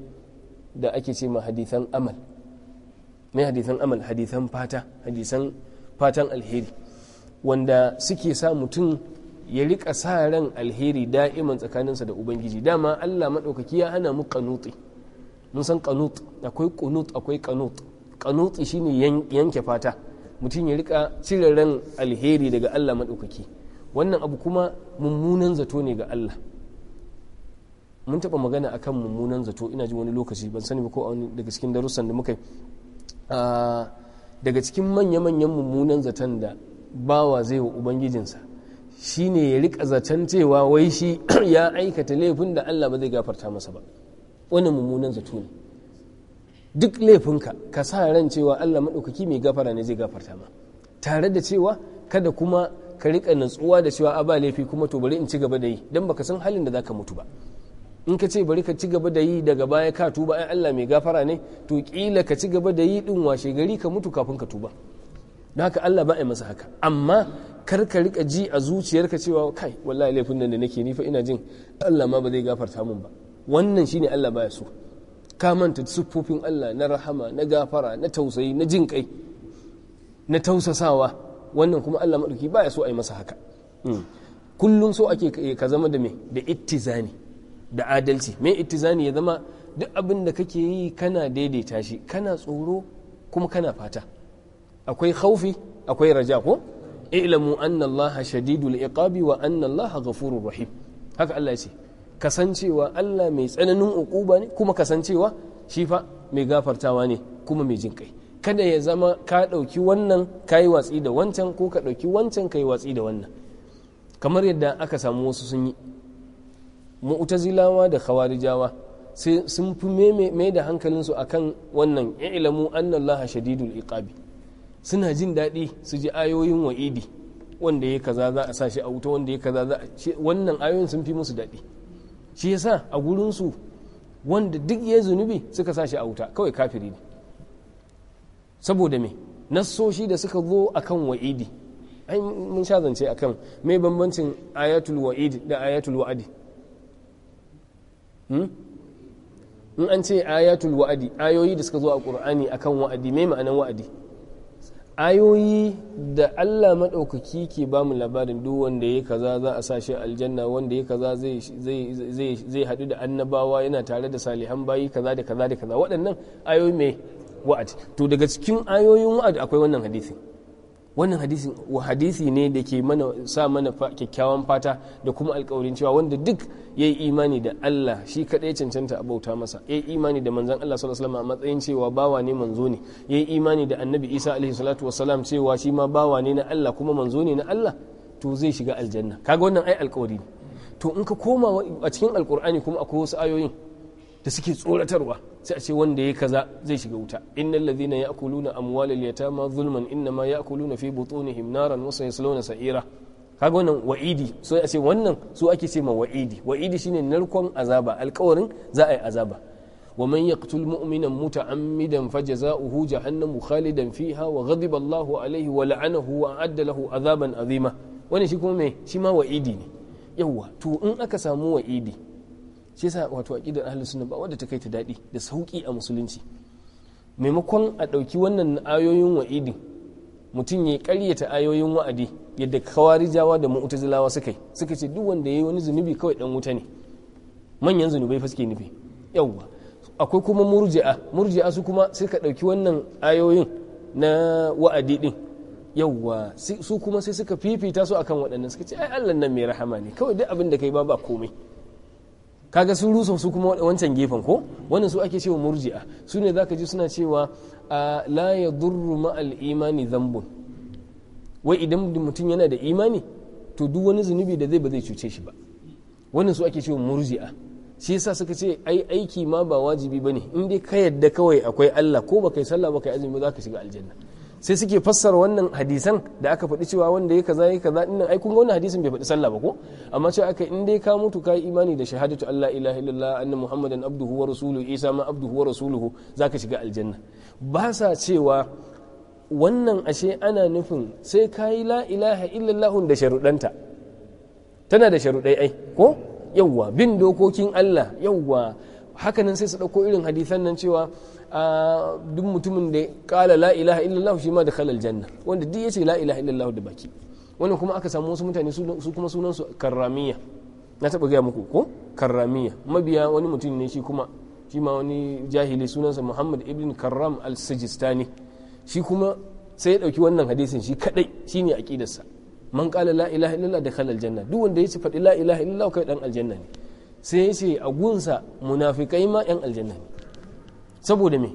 da ake ce ma hadithan amal mai hadithan amal hadithan fata hadithan fatan alheri wanda suke sa mutum ya rika sa ran alheri da'iman tsakaninsa da ubangiji dama allah maɗaukaki ya hana mu kanuti mun san kanut akwai kunut akwai kanut kanuti shine yanke fata mutum ya rika cire ran alheri daga allah maɗaukaki wannan abu kuma mummunan zato ne ga allah mun taɓa magana akan mummunan zato ina ji wani lokaci ban sani ba ko daga cikin darussan da muka ah, daga cikin manya-manyan mummunan zaton da bawa zai wa ubangijinsa shi ne ya riƙa zaton cewa wai shi ya aikata laifin da allah ba zai gafarta masa ba wani mummunan zato ne duk laifinka ka sa ran cewa allah maɗaukaki mai gafara ne zai gafarta ma tare da cewa kada kuma ka riƙa natsuwa da cewa a ba laifi kuma to bari in ci gaba da yi don baka san halin da zaka mutu ba in ka ce bari ka ci gaba da yi daga baya ka tuba ai Allah mai gafara ne to kila ka ci gaba da yi din washe gari ka mutu kafin ka tuba don haka Allah ba a masa haka amma kar ka rika ji a zuciyarka cewa kai wallahi laifin nan da nake ni fa ina jin Allah ma ba zai gafarta mun ba wannan shine Allah baya so ka manta siffofin Allah na rahama na gafara na tausayi na jin kai na tausasawa wannan kuma Allah madauki baya so a yi masa haka hmm. kullum so ake ka zama da me da ittizani da adalci me ittizani ya zama duk abin da kake yi kana daidaita shi kana tsoro kuma kana fata akwai khaufi akwai raja ko i'lamu anna Allah shadidul iqabi wa anna Allah ghafurur rahim haka Allah ya ce kasancewa Allah mai tsananin uquba ne kuma kasancewa shi fa mai gafartawa ne kuma mai jin kai kada ya zama ka ɗauki wannan kai watsi da wancan ko ka ɗauki wancan kai watsi da wannan kamar yadda aka samu wasu sun yi mu'tazilawa da khawarijawa sun fi mai da hankalinsu akan wannan ilamu annallaha shadidul iqabi suna jin daɗi su ji ayoyin wa'idi wanda ya kaza za a sa shi a wuta wanda ya kaza za a wannan ayoyin sun fi musu daɗi shi yasa a gurinsu wanda duk ya zunubi suka sa shi a wuta kawai kafiri ne saboda me nassoshi da suka zo akan wa'idi ai mun sha zance akan me bambancin ayatul wa'id da ayatul wa'adi hmm? in an ce ayatul wa'adi ayoyi da suka zo a qur'ani akan wa'adi me ma'anan wa'adi ayoyi da Allah maɗaukaki ke ba mu labarin duk wanda ya kaza za a sashi aljanna wanda ya kaza zai haɗu da annabawa yana tare da salihan bayi kaza da kaza da kaza waɗannan ayoyi mai wa'ad to daga cikin ayoyin wa'ad akwai wannan hadisin wannan hadisi ne da ke sa mana kyakkyawan fata da kuma alkawarin cewa wanda duk ya yi imani da Allah shi kaɗai cancanta a bauta masa Ya yi imani da manzan Allah sallallahu alaihi a matsayin cewa bawa ne manzo ne yi imani da annabi Isa alaihi salatu wasallam cewa shi ma bawa ne na Allah kuma manzo ne na Allah to zai shiga aljanna kaga wannan ai alkawari ne to in ka koma a cikin alkur'ani kuma akwai wasu ayoyin da suke tsoratarwa sai a ce wanda ya kaza zai shiga wuta innal ladhina ya'kuluna amwalal yatama zulman innama ya'kuluna fi butunihim naran wa sayasluna sa'ira kaga wannan wa'idi so a ce wannan su ake ce ma wa'idi wa'idi shine narkon azaba alkawarin za a yi azaba wa man yaqtul mu'minan muta'ammidan fajaza'uhu jahannamu khalidan fiha wa ghadiba Allahu alayhi wa la'anahu wa a'adda lahu azaban azima Wani shi kuma me shi ma wa'idi ne yawa to in aka samu wa'idi shi yasa wato aqidar ahlus sunna ba wanda ta kai ta dadi da sauki a musulunci maimakon a ɗauki wannan ayoyin wa'idi mutum ya karyata ayoyin wa'adi yadda kawarijawa da mu'tazilawa suka yi suka ce duk wanda yayi wani zunubi kawai dan wuta ne manyan zunubai fa suke nufi yawwa akwai kuma murji'a murji'a su kuma suka ɗauki wannan ayoyin na wa'adi din yawwa su kuma sai suka fifita su akan waɗannan suka ce ai Allah nan mai rahama ne kawai duk abin da kai ba ba komai kaga sun rusa su kuma wancan gefen ko wannan su ake cewa murji'a su ne zaka ji suna cewa la yadurru ma'al imani zambun wai idan mutum yana da imani to duk wani zunubi da zai ba zai cuce shi ba wannan su ake cewa murji'a shi yasa suka ce ai aiki ma ba wajibi bane in dai ka yadda kawai akwai Allah ko baka yi sallah ba kai azumi ba zaka shiga aljanna sai suke fassara wannan hadisan da aka faɗi cewa wanda ya kaza ya kaza dinnan ai kun ga wannan hadisin bai faɗi sallah ba ko amma cewa aka in dai ka mutu ka yi imani da shahadatu Allah ilaha illallah anna muhammadan abduhu wa rasuluhu isa ma abduhu wa rasuluhu zaka shiga aljanna ba sa cewa wannan ashe ana nufin sai ka yi la ilaha illallah da sharuɗanta tana da sharuɗai ai ko yawwa bin dokokin Allah yawwa hakanan sai su ɗauko irin hadisan nan cewa duk mutumin da kala la ilaha illallah shi ma da kalal janna wanda duk yace la ilaha illallah da baki wannan kuma aka samu wasu mutane su kuma sunan su karramiya na taba gaya muku ko karramiya mabiya wani mutum ne shi kuma shi ma wani jahili sunansa Muhammad ibn Karram al-Sijistani shi kuma sai ya dauki wannan hadisin shi kadai shine aqidarsa man kala la ilaha illallah da kalal janna duk wanda ya ce faɗi la ilaha illallah kai dan aljanna ne sai ce a gunsa munafikai ma yan aljanna ne saboda me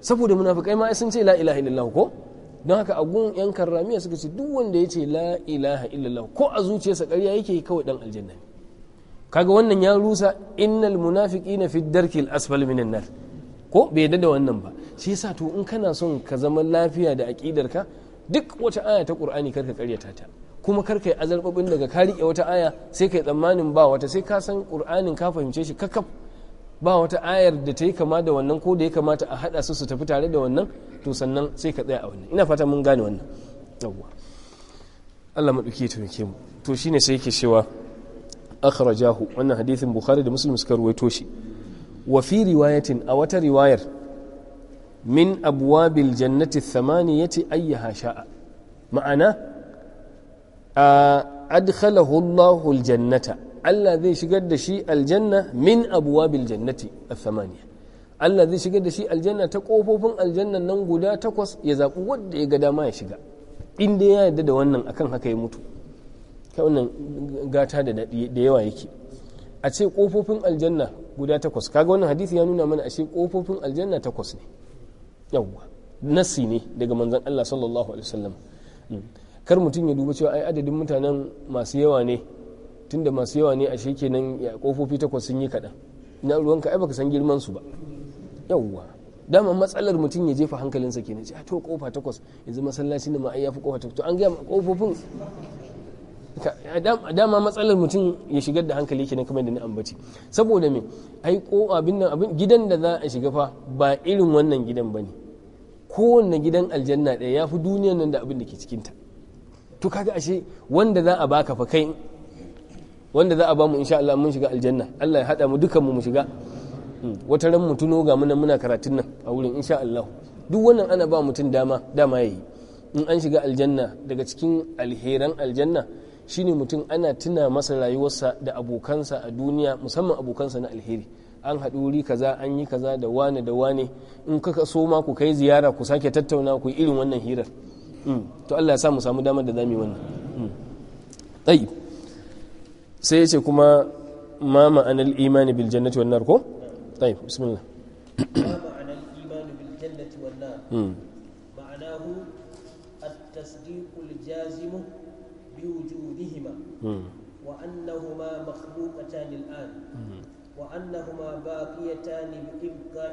saboda munafikai ma sun ce la ilaha illallah ko don haka agun yan karramiya suka ce duk wanda ya ce la ilaha illallah ko a zuciyarsa karya yake kawai dan aljanna ne kaga wannan ya rusa innal munafiqina fi darkil asfal minan nar ko bai yadda da wannan ba shi yasa to in kana son ka zama lafiya da aqidarka duk wata aya ta qur'ani karka karyata ta kuma karka yi azarbabin daga ka riƙe wata aya sai kai tsammanin ba wata sai ka san qur'anin ka fahimce shi kakaf ba wata ayar da ta yi kama da wannan ko da ya kamata a haɗa su su tafi tare da wannan to sannan sai ka tsaya a wannan ina fata mun gane wannan yawwa Allah maɗauki ya taimake mu to shine sai yake cewa akhrajahu wannan hadithin bukhari da muslim suka ruwaito shi wa fi riwayatin a wata riwayar min abwabil jannati thamaniyati ayyaha sha'a ma'ana adkhalahu Allahu jannata Allah zai shigar da shi aljanna min abuwa biljannati jannati samaniya Allah zai shigar da shi aljanna ta kofofin aljanna nan guda takwas ya zaɓi wanda ya ga dama ya shiga Inda ya yarda da wannan akan haka ya mutu Ka wannan gata da yawa yake a ce kofofin aljanna guda takwas kaga wannan hadisi ya nuna mana a ce kofofin aljanna takwas ne yawwa nasi ne daga manzan Allah sallallahu alaihi wasallam hmm. kar mutum ya duba cewa ai adadin mutanen masu yawa ne tunda masu yawa ne a kenan ya kofofi takwas sun yi kaɗan ina ruwanka ai baka san girman su ba yawwa dama matsalar mutum ya jefa hankalinsa kenan ce a ah, to kofa takwas yanzu masallaci da ma ya fi kofa takwas to an gaya ma kofofin dama matsalar mutum ya shigar da hankali kenan kamar da na ambaci saboda me ai ko abin nan abin gidan da za a shiga fa ba irin wannan gidan bane kowanne gidan aljanna ɗaya fi duniyar nan da abin da ke cikinta to kaga ashe wanda za a baka fa kai wanda za a ba mu insha Allah mun shiga aljanna Allah ya hada mu dukan mu mu shiga hmm, wata ran mutu tuno ga muna muna karatun nan a wurin insha Allah duk wannan ana ba mutum dama dama yayi in an shiga aljanna daga cikin alheran aljanna shine mutum ana tuna masa rayuwarsa da abokansa a duniya musamman abokansa na alheri an haɗu wuri kaza an yi kaza da wane da wane in kaka so ma ku kai ziyara ku sake tattauna ku irin wannan hirar hmm, to Allah ya sa mu samu damar da zamu yi wannan hmm. tayyib sai ya ce kuma ma ma'anar imani bil wannan ko? tsaye bismillah ma'anar imani bil wannan ma'ana hu bi wujudihima hmm. wa annahu hmm. wa annahu ma baqiyata bi ibqa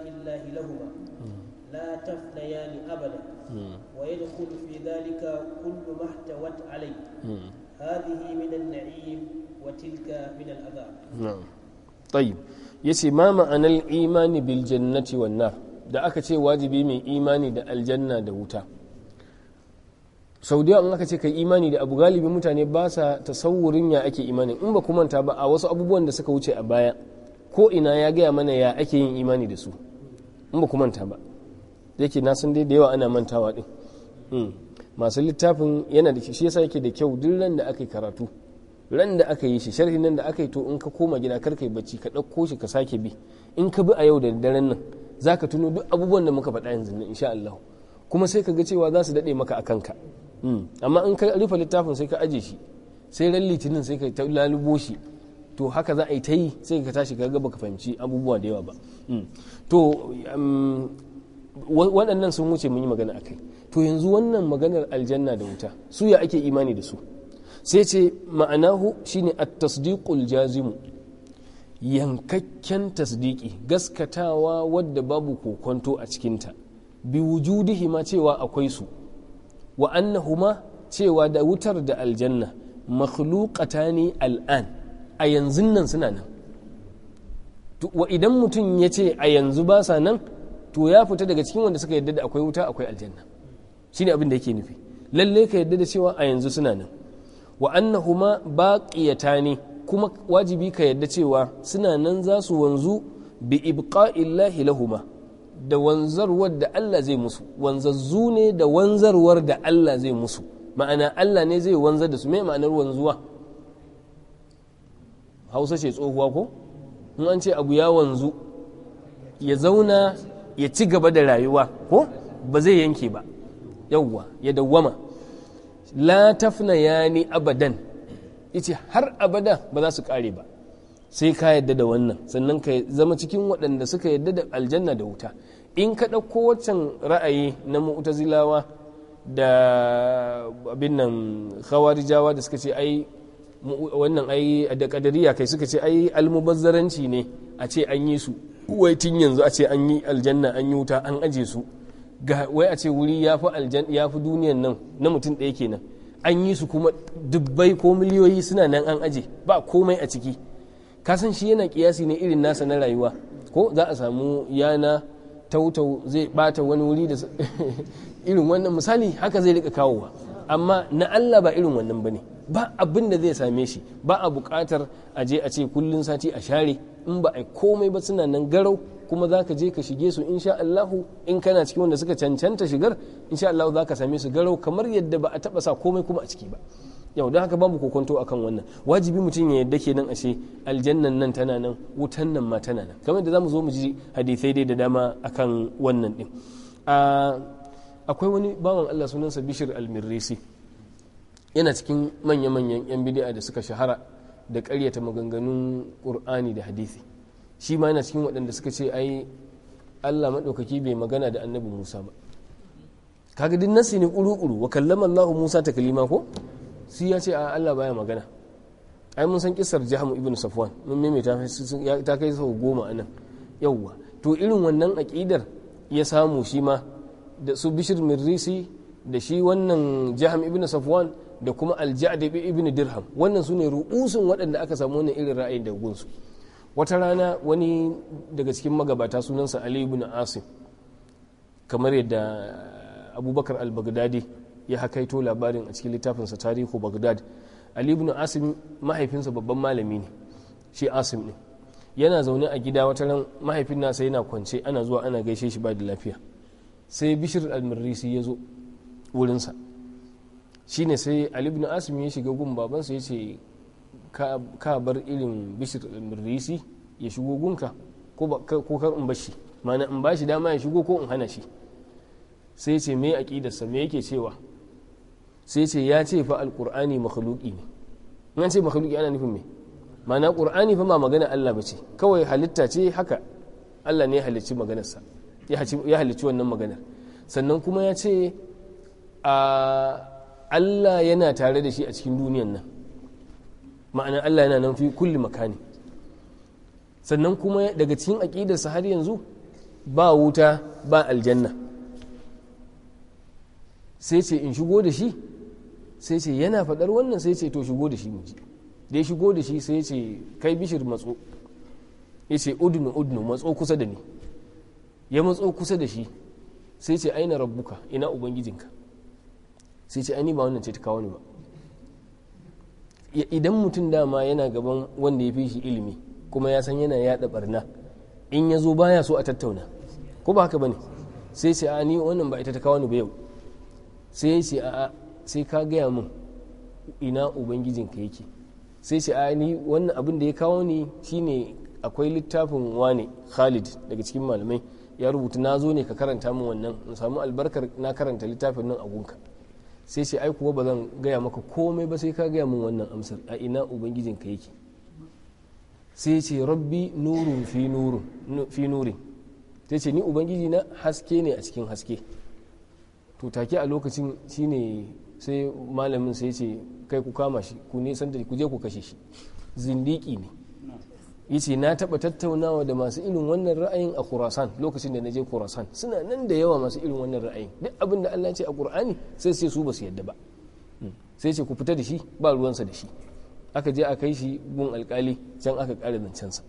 lahuma hmm. la abada wa yadkhul fi dhalika kullu mahtawat alayhi هذه من وتلك من نعم طيب yace ma ma'anar imani bil jannati da aka ce wajibi mai imani da aljanna da wuta sau in aka ce kai imani da abu galibi mutane ba sa tasawurin ya ake imani in ba manta ba a wasu abubuwan da suka wuce a baya ko ina ya gaya mana ya ake yin imani da su in ba manta ba da yake nasan dai da yawa ana mantawa din masu littafin yana da shi yasa yake da kyau duk ran da aka karatu ran da aka yi shi sharhi nan da aka yi to in ka koma gida kar yi bacci ka ɗauko shi ka sake bi in ka bi a yau da daren nan za ka tuno duk abubuwan da muka faɗa yanzu nan insha Allah kuma sai ka ga cewa za su daɗe maka a kanka hmm. amma in ka rufe littafin sai ka aje shi sai ran litinin sai ka lalubo shi to haka za a yi ta yi sai ka tashi ka gaba ka fahimci abubuwa da yawa ba hmm. to um, waɗannan sun wuce mun yi magana akai to yanzu wannan maganar aljanna da wuta su ya ake imani da su sai ce ma'anahu shine at-tasdiqul jazimu yankakken tasdiki gaskatawa wadda babu kokonto a cikinta bi wujudihi ma cewa akwai su wa annahuma cewa da wutar da aljanna makhluqatani al'an a yanzu nan suna nan wa idan mutum ya ce a yanzu ba sa nan to ya fita daga cikin wanda suka yadda da akwai wuta akwai aljanna shine abin da yake nufi lalle ka yadda da cewa a yanzu suna nan wa annahuma baqiyatani kuma wajibi ka yadda cewa suna nan za su wanzu bi ibqa'illahi lahuma da wanzarwar da Allah zai musu wanzazzu ne da wanzarwar da Allah zai musu ma'ana Allah ne zai wanzar da su me ma'anar wanzuwa hausa ce tsohuwa ko in an ce abu ya wanzu ya zauna ya ci gaba da rayuwa ko ba zai yanke ba yawwa ya dawwama la tafna ya ni abadan ita har abada ba za su kare ba sai ka yadda da wannan sannan ka zama cikin waɗanda suka yadda da aljanna da wuta in ka ɗauko waccan ra'ayi na mu'tazilawa da abin nan khawarijawa da suka ce ai wannan ai da kadariya kai suka ce ai almubazzaranci ne a ce an yi su wai tun yanzu a ce an yi aljanna an yi wuta an aje su ga wai a ce wuri ya fi aljan ya fi duniyan nan na mutum ɗaya kenan an yi su kuma dubbai ko miliyoyi suna nan an aje ba komai a ciki kasan shi yana kiyasi ne irin nasa na rayuwa ko za a samu yana tautau zai bata wani wuri da irin wannan misali haka zai rika kawowa amma na Allah ba irin wannan bane ba abin da zai same shi ba a buƙatar a je a ce kullun sati a share in ba a komai ba suna nan garau kuma za ka je ka shige su insha Allahu in kana cikin wanda suka cancanta shigar insha Allahu za ka same su garau kamar yadda ba a taba sa komai kuma a ciki ba yau don haka babu kokonto akan wannan wajibi mutum ya yadda kenan ashe aljannan nan tana nan wutan nan ma tana nan kamar yadda mu zo mu ji hadisai dai da dama akan wannan din akwai wani bawan Allah sunansa Bishir Almirrisi yana cikin manya-manyan 'yan bidi'a da suka shahara da ƙaryata maganganun Qur'ani da hadisi shi ma yana cikin waɗanda suka ce ai Allah maɗaukaki bai magana da annabi Musa ba kaga duk nasi ne ƙuru-ƙuru wa kallama Allah Musa ta kalima ko su ya ce a Allah baya magana ai mun san kisar Jaham ibn Safwan mun maimaita ta kai sau goma anan yawwa to irin wannan aƙidar ya samu shi ma da su Bishir Mirrisi da shi wannan Jaham ibn Safwan da kuma Al-Ja'd ibn Dirham wannan su ne ru'usun waɗanda aka samu wannan irin ra'ayin da gunsu wata rana wani daga cikin magabata sunansa ali ibn asim kamar yadda abubakar al-baghdadi ya hakaito labarin a cikin littafinsa tarihu baghdad ali ibn asim mahaifinsa babban malami ne shi asim ne yana zaune a gida wata ran mahaifin nasa yana kwance ana zuwa ana gaishe shi ba da lafiya sai bishir al murrisi ya zo wurinsa shine sai ali ibn asim ya shiga gun babansa ya ce ka bar irin bishir mirisi ya shigo gunka ko kar in bashi mana in bashi dama ya shigo ko in hana shi sai ce me aqidarsa me yake cewa sai ce ya ce fa Alƙur'ani makhluqi ne nan ce makhluqi ana nufin me mana qur'ani fa ma magana Allah bace kawai halitta ce haka Allah ne ya halicci maganarsa ya halicci wannan maganar sannan kuma ya ce ah, Allah yana tare da shi a cikin duniyan nan ma'ana Allah yana nan fi kulli makani sannan kuma daga cikin aƙidarsa har yanzu ba wuta ba aljanna sai ce in shigo da shi sai ce yana faɗar wannan sai ce to shigo da shi mu ji da ya shigo da shi sai ce kai bishir matso ya ce udnu udnu matso kusa da ni ya matso kusa da shi sai ce aina rabbuka ina ubangijinka sai ce ai ba wannan ce ta kawo ni ba idan mutum dama yana gaban wanda ya fi shi ilimi kuma ya san yana yada barna in ya zo baya so a tattauna ko ba haka bane sai sai a ni wannan ba ita ta kawo ni ba yau sai sai a sai ka gaya min ina ubangijinka yake sai sai a ni wannan abin da ya kawo ni shine akwai littafin wane khalid daga cikin malamai ya rubuta na zo ne ka karanta min wannan in samu albarkar na karanta littafin nan a gunka sai ce ai kuwa ba zan gaya maka komai ba sai ka gaya min wannan amsar a ina ubangijin ka yake sai ce rabbi nurun fi nurin sai ce ni ubangiji na haske ne a cikin haske to take a lokacin shine sai malamin sai ce kai ku kama shi ku ne ku je ku kashe shi zindiki ne yace na taba tattaunawa da masu irin wannan ra'ayin a kurasan lokacin da na je kurasan suna nan da yawa masu irin wannan ra'ayin duk abin da Allah ce a Qur'ani sai sai su ba su yadda ba hmm. sai ce ku fita da shi ba ruwansa da shi aka je a kai shi gun alkali can aka kare zancensa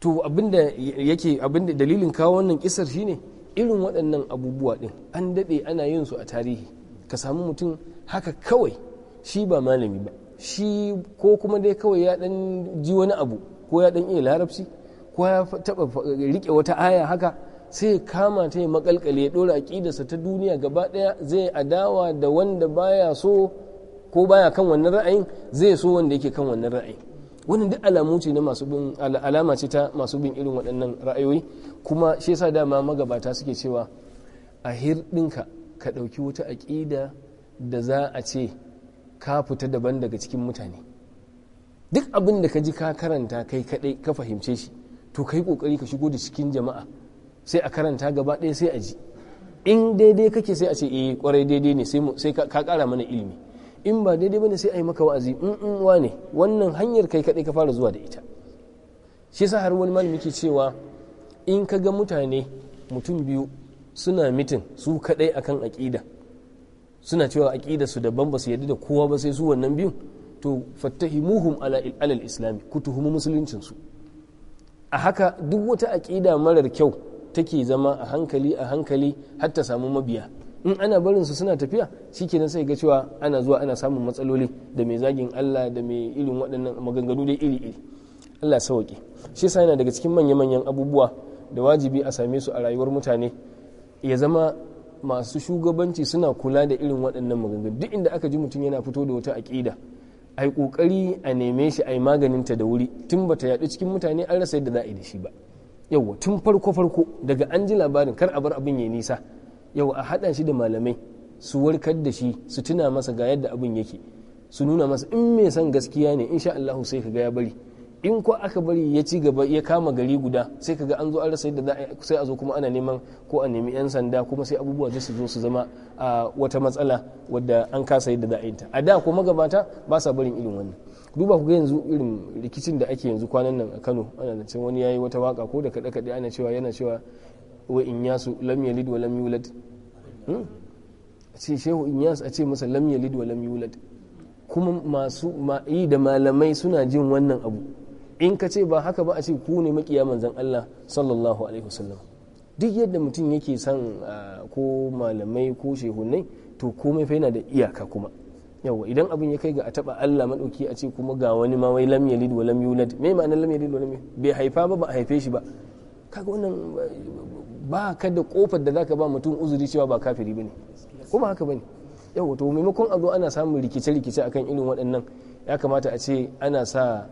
to abinda yake abinda dalilin kawo wannan kisar shine irin waɗannan abubuwa ɗin an daɗe ana yin su a tarihi ka samu mutum haka kawai shi ba malami ba shi ko kuma dai kawai ya dan ji wani abu ko ya dan iya larabci ko ya taba rike wata aya haka sai kama ta ya makalkale ya dora aqidarsa ta duniya gaba daya zai adawa da wanda baya so ko baya kan wannan ra'ayin zai so wanda yake kan wannan ra'ayin wannan duk alamu ce na alama ce ta masu bin irin waɗannan ra'ayoyi kuma shi yasa dama magabata suke cewa a hirɗinka ka ɗauki wata aƙida da za a ce ka fita daban daga cikin mutane duk abin da ka ji ka karanta kai kadai ka fahimce shi to kai kokari ka shigo da cikin jama'a sai a karanta gaba ɗaya sai a ji in daidai kake sai a ce eh kwarai daidai ne sai ka kara mana ilimi in ba daidai bane sai a yi maka wa'azi in in wa wannan hanyar kai kadai ka fara zuwa da ita shi yasa har wani malami ke cewa in ka ga mutane mutum biyu suna mitin su kadai akan aƙida suna cewa aqida su daban ba su yadda da kowa ba sai su wannan biyun to fattahimuhum ala alal islami ku tuhumi musuluncin su a haka duk wata aqida marar kyau take zama a hankali a hankali har ta samu mabiya in ana barin su suna tafiya shikenan sai ga cewa ana zuwa ana samun matsaloli da mai zagin Allah da mai irin waɗannan maganganu dai iri iri Allah sauke shi yasa yana daga cikin manya manyan abubuwa da wajibi a same su a rayuwar mutane ya zama masu shugabanci suna kula da irin waɗannan maganganu duk inda aka ji mutum yana fito da wata aƙida ai kokari a neme shi a ai ta da wuri tun bata yaɗu cikin mutane an rasa yadda za a yi da shi ba yawa tun farko farko daga an ji labarin kar a bar abin ya nisa yawa a haɗa shi da malamai su warkar da shi su tuna masa ga yadda abin yake su nuna masa in mai son gaskiya ne insha allahu sai ka ga ya bari in ko aka bari ya ci gaba ya kama gari guda sai kaga an zo an rasa yadda sai a zo kuma ana neman ko a nemi yan sanda kuma sai abubuwa da su zo su zama a wata matsala wadda an kasa yadda za a yi ta a da kuma magabata ba sa barin irin wannan duba ku ga yanzu irin rikicin da ake yanzu kwanan nan a Kano ana da wani yayi wata waka ko da kada kada ana cewa yana cewa wa in yasu lam yalid wa lam yulad hmm? a ce shehu in yasu a ce masa lam yalid wa lam yulad kuma masu ma'i da malamai suna jin wannan abu in ka ce ba haka ba a ce ku ne makiya manzan Allah sallallahu alaihi wasallam duk yadda mutum yake son ah, ko malamai ko shehunai to komai fa yana da iyaka kuma yawa idan abin ya kai ga a taba Allah madauki a ce kuma ga wani ma wai lam yalid wa lam yulad me ma'anar lam yalid wa lam bai haifa ba ba a haife shi ba kaga wannan ba ka da kofar da zaka ba mutum uzuri cewa ba kafiri bane kuma haka bane yawa to maimakon a zo ana samun rikice-rikice akan irin waɗannan ya kamata a ce ana sa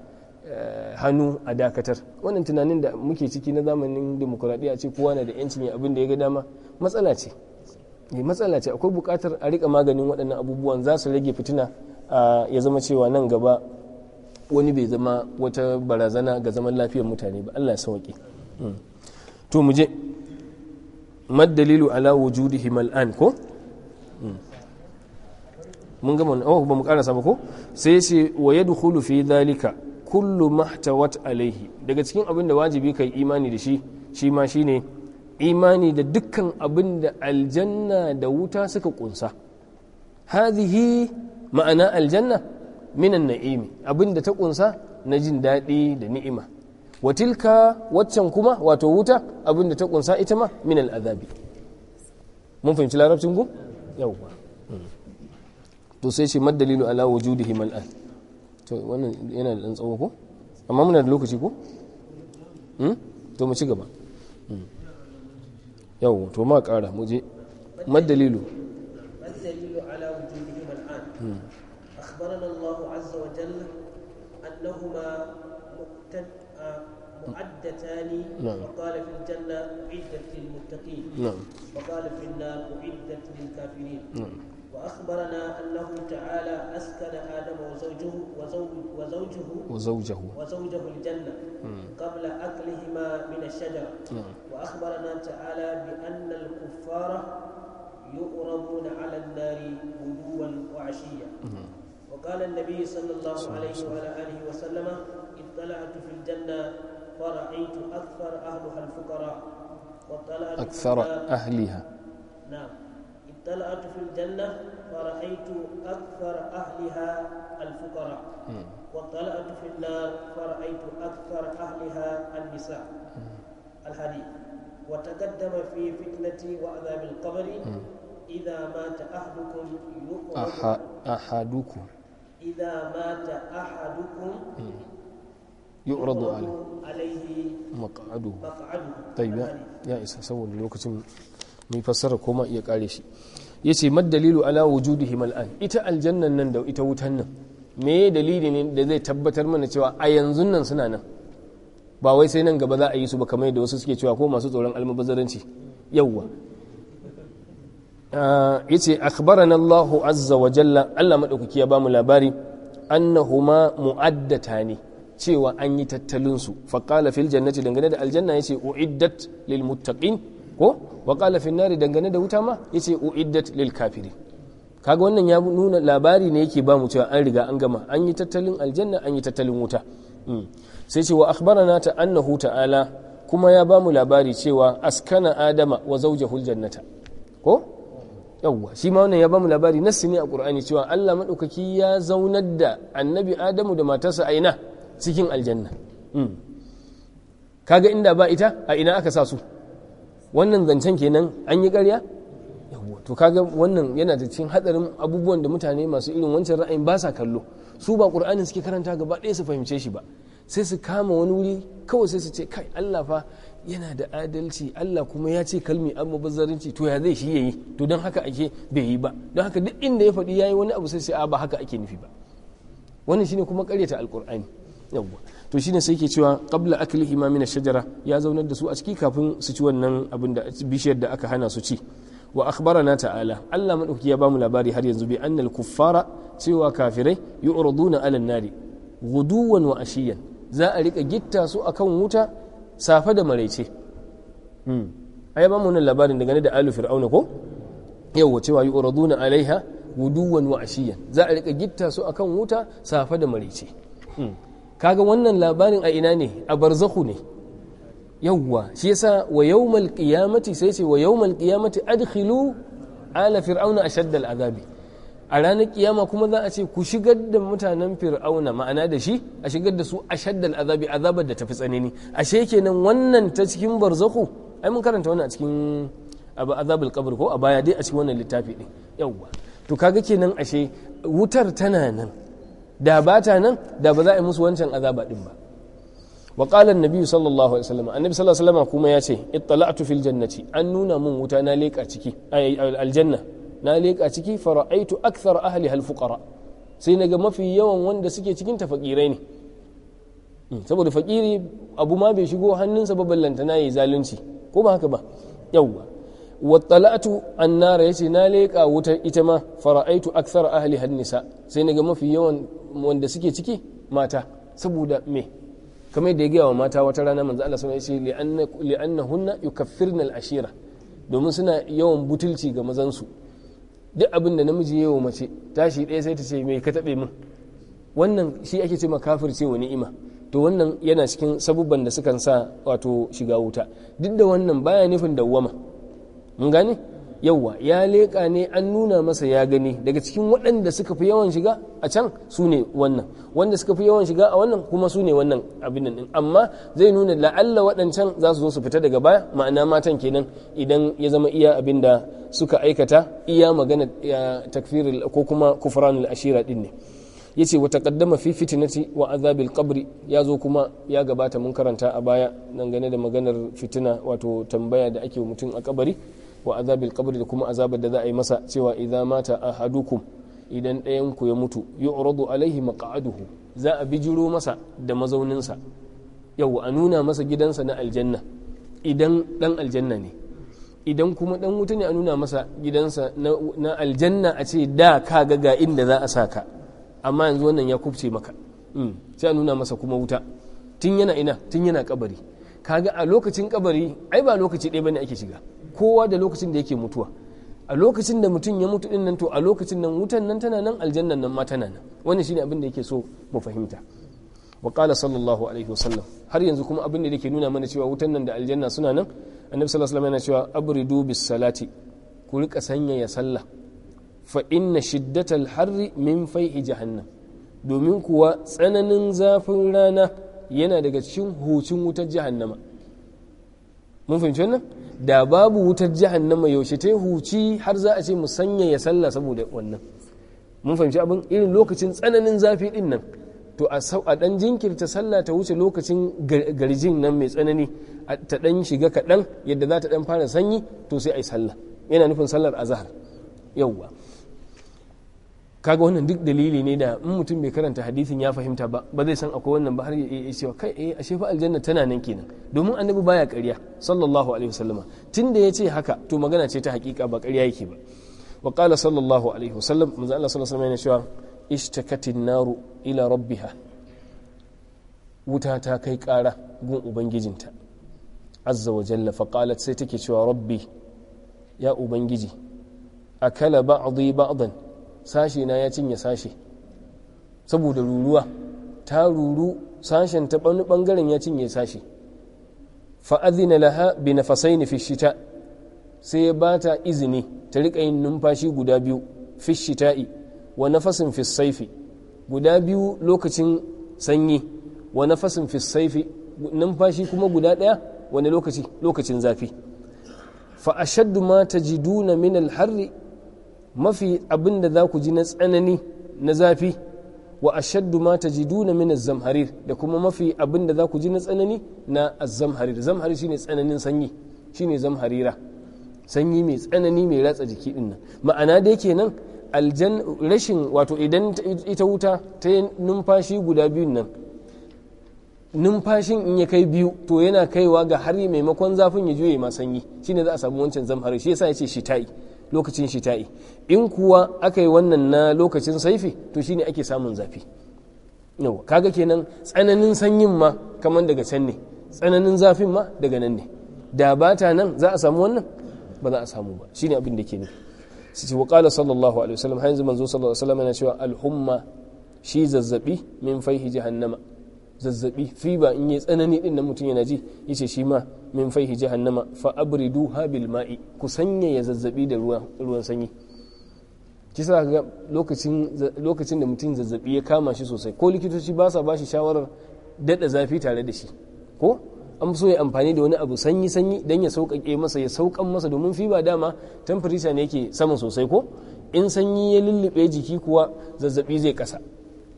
Eh, hannu a dakatar wannan tunanin da muke ciki na zamanin demokuraɗiyya ce kowa na da yancin ne abin da ya ga dama matsala ce eh, matsala ce akwai buƙatar a riƙa maganin waɗannan abubuwan za su rage fitina ya zama cewa nan gaba wani bai zama wata barazana ga zaman lafiyar mutane ba allah sauƙi hmm. to mu je ala ko hmm. mun gama oh ba mu karasa ba ko sai ce wa hulu fi zalika. kullu mahtawat alaihi daga cikin abin da wajibi kai imani da shi shi ma imani da dukkan abin da aljanna da wuta suka kunsa hadhihi ma'ana aljanna minan na'imi abin da ta kunsa na jin daɗi da ni'ima watilka waccan kuma wato wuta abin da ta kunsa ita ma minal azabi mun fahimci larabcin ku yawwa to sai shi maddalilu ala wujudihi mal'an to wannan yana da tsawo ko amma muna da lokaci ko hmm? to mu ci gaba hmm. yau to ma ƙara mu je madalilu madalilu ala وقال في الجنة أعدت للمتقين وقال في النار أعدت للكافرين وأخبرنا أنه تعالى أسكن آدم وزوجه وزوجه وزوجه وزوجه الجنة قبل أكلهما من الشجر نعم. وأخبرنا تعالى بأن الكفار يؤرمون على النار غدوا وعشيا وقال النبي صلى الله عليه وعلى آله وسلم اطلعت في الجنة فرأيت أكثر أهلها الفقراء وطلعت أكثر أهلها نعم طلعت في الجنة فرأيت أكثر أهلها الفقراء وطلعت في النار فرأيت أكثر أهلها النساء الحديث وتقدم في فتنة وعذاب القبر إذا مات أحدكم أحدكم إذا مات أحدكم يعرض عليه مقعده مقعده طيب يا يا إسا سوى الوقت mai fassara koma iya kare shi ya ce dalilu ala wujudihim himal'an ita aljannan nan da ita wutan nan me dalili ne da zai tabbatar mana cewa a yanzu nan suna nan ba wai sai nan gaba za a yi su ba kamar yadda wasu suke cewa ko masu tsoron almubazzaranci yawwa ya ce akhbarana Allahu azza wa jalla Allah maɗaukaki ya bamu labari annahuma mu'addata ne cewa an yi tattalinsu faƙala fil jannati dangane da aljanna ya ce uiddat lil muttaqin ko wa qala nari dangane da wuta ma yace uiddat lil kafiri kaga wannan ya nuna labari ne yake ba mu cewa an riga an gama an yi tattalin aljanna an yi tattalin wuta mm. sai ce wa akhbarana ta annahu ta'ala kuma ya ba mu labari cewa askana adama wa zawjahu jannata ko yawwa shi ma wannan ya ba mu labari nassi ne a qur'ani cewa Allah madaukaki ya zaunar da annabi adamu da matarsa aina cikin aljanna mm. kaga inda ba ita a ina aka sa su wannan zancen kenan an yi karya? to kaga wannan yana da cikin hatsarin abubuwan da mutane masu irin wancan ra'ayin ba sa kallo su ba ƙur'anin suke karanta gaba ɗaya su fahimce shi ba sai su kama wani wuri kawai sai su ce kai Allah fa yana da adalci Allah kuma ya ce kalmi amma bazzarinci to ya zai shi yayi to don haka ake bai yi ba don haka duk inda ya faɗi yayi wani abu sai sai a ba haka ake nufi ba wannan shine kuma ƙaryata alƙur'ani yawwa to shine sai ke cewa qabla aklihi ma min shajara ya zaunar da su a ciki kafin su ci wannan abin da bishiyar da aka hana su ci wa akhbarana ta'ala Allah madauki ya bamu labari har yanzu bi annal kuffara cewa kafirai yu'raduna 'alan nari guduwan wa ashiyan za a rika gitta su akan wuta safe da maraice hmm. ai bamu nan labarin daga da alu fir'auna ko yawa cewa yu'raduna 'alaiha guduwan wa ashiyan za a rika gitta su akan wuta safe da maraice hmm. kaga wannan labarin a ina ne a barzahu ne yawwa shi yasa wa yawmal qiyamati sai ce wa yawmal qiyamati adkhilu ala fir'auna ashadda al'azabi a ranar kiyama kuma za a ce ku shigar da mutanen fir'auna ma'ana da shi a shigar da su shaddal azabi azabar da tafi tsanani ashe kenan wannan ta cikin barzahu? ai mun karanta wannan a cikin azabul qabr ko a baya dai a cikin wannan littafi din yawwa to kaga kenan ashe wutar tana nan da ba ta nan da ba za a yi musu wancan azaba din ba wa qala annabi sallallahu alaihi wasallam annabi sallallahu alaihi wasallam kuma yace ittala'tu fil jannati an nuna mun wuta na leka ciki aljanna na leka ciki fara'aitu akthar ahli al fuqara sai naga mafi yawan wanda suke cikin ta fakirai ne hmm, saboda fakiri abu ma bai shigo hannunsa ba ballanta na yi zalunci ko ba haka ba yawwa wattala'atu annara yace na leka wuta ita ma fara'aitu akthar ahli hannisa sai naga mafi yawan wanda suke ciki mata saboda me kamar da ya gaya wa mata wata rana manzo Allah sallallahu ya wasallam yace li'annahunna yukaffirna al-ashira domin suna yawan butulci ga mazan su duk abin da namiji yayi wa mace tashi ɗaya sai ta ce me ka taɓe min wannan shi ake ce wani wa ni'ima to wannan yana cikin sabubban da sukan sa wato shiga wuta duk da wannan baya nufin dawwama mun gane yauwa ya leƙa ne an nuna masa ya gani daga cikin waɗanda suka fi yawan shiga a can su ne wannan wanda suka fi yawan shiga a wannan kuma su ne wannan abin nan amma zai nuna la'alla waɗancan za su zo su fita daga baya ma'ana matan kenan idan ya zama iya abin da suka aikata iya magana takfir ko kuma kufranul ashira din ne yace wata taqaddama fi fitnati wa azabil ya zo kuma ya gabata mun karanta a baya dangane da maganar fitina wato tambaya da ake mutum a kabari wa azabil qabri da kuma azabar da za a yi masa cewa idza mata ahadukum idan ɗayan ku ya mutu yu'radu alaihi maq'aduhu za a bijiro masa da mazauninsa yau a nuna masa gidansa na aljanna idan dan aljanna ne idan kuma dan wuta ne a nuna masa gidansa na aljanna a ce da ka ga ga inda za a sa ka amma yanzu wannan ya kubce maka hmm, sai a nuna masa kuma wuta tun yana ina tun yana kabari kaga a lokacin kabari ai ba lokaci ɗaya bane ake shiga kowa da lokacin da yake mutuwa a lokacin da mutum ya mutu din nan to a lokacin nan wutan nan tana nan aljannan nan ma tana nan wannan shine abin da yake so mu fahimta wa qala sallallahu alaihi wasallam har yanzu kuma abin da yake nuna mana cewa wutan nan da aljanna suna nan annabi sallallahu alaihi wasallam yana cewa abridu bis salati ku rika sanyaya sallah fa inna shiddatal harri min fai'i jahannam domin kuwa tsananin zafin rana yana daga cikin hucin wutar jahannama mun fahimci wannan da babu wutar jahannama yaushe ta huci har za a ce mu sanyaya sallah saboda wannan mun fahimci abin irin lokacin tsananin zafi din nan to a dan jinkirta sallah ta wuce lokacin garjin nan mai tsanani ta dan shiga kaɗan yadda za ta dan fara sanyi to sai a yi sallah yana nufin sallar azahar yauwa kaga wannan duk dalili ne da in mutum bai karanta hadisin ya fahimta ba ba zai san akwai wannan ba har ya iya cewa kai eh ashe fa aljanna tana nan kenan domin annabi baya ƙarya sallallahu alaihi wasallama tunda yace haka to magana ce ta hakika ba ƙarya yake ba wa qala sallallahu alaihi wasallam manzo Allah sallallahu alaihi wasallam yana cewa ishtakatin naru ila rabbiha wuta ta kai ƙara gun ubangijinta azza wa jalla fa qalat sai take cewa rabbi ya ubangiji akala ba'dhi ba'dan sashi na ya cinye sashi saboda ruruwa ta ruru sashen ta wani bangaren ya cinye sashi fa'adina laha bi nafasaini fishita sai ya bata izini ta riƙa yin numfashi guda biyu fishita’i wa nafasin fi guda biyu lokacin sanyi wa nafasin fi numfashi kuma guda ɗaya wani lokacin zafi fa ashaddu ma ji min minal harri mafi abin da za ku ji na tsanani na zafi wa ashaddu ma tajiduna min az-zamharir da kuma mafi abin da za ku ji na tsanani na az-zamharir zamharir shine tsananin sanyi shine zamharira sanyi mai tsanani mai ratsa jiki dinnan ma'ana da yake nan aljan rashin wato idan ita wuta ta numfashi guda biyun nan numfashin in ya kai biyu to yana kaiwa ga hari maimakon zafin ya juye ma sanyi shine za a samu wancan zamharir shi yasa yace shi ta'i lokacin shita'i in kuwa aka yi wannan na lokacin saifi to shine ake samun zafi kaga kenan tsananin sanyin ma kamar daga can ne tsananin zafin ma daga nan ne da ba ta nan za a samu wannan ba za a samu ba shine abin da ke ne su wa qala sallallahu alaihi wasallam har yanzu manzo sallallahu alaihi wasallam yana cewa al-humma shi zazzabi min faihi jahannama zazzabi fi ba in yi tsanani din nan mutum yana ji yace shi ma min faihi jahannama fa abridu bil ma'i ku sanyaya zazzabi da ruwan sanyi kisa ga lokacin lokacin da mutum zazzabi ya kama shi sosai ko likitoci ba sa bashi shawarar dada zafi tare da shi ko an so ya amfani da wani abu sanyi sanyi dan ya sauƙaƙe masa ya saukan masa domin fi ba dama temperature ne yake sama sosai ko in sanyi ya lullube jiki kuwa zazzabi zai kasa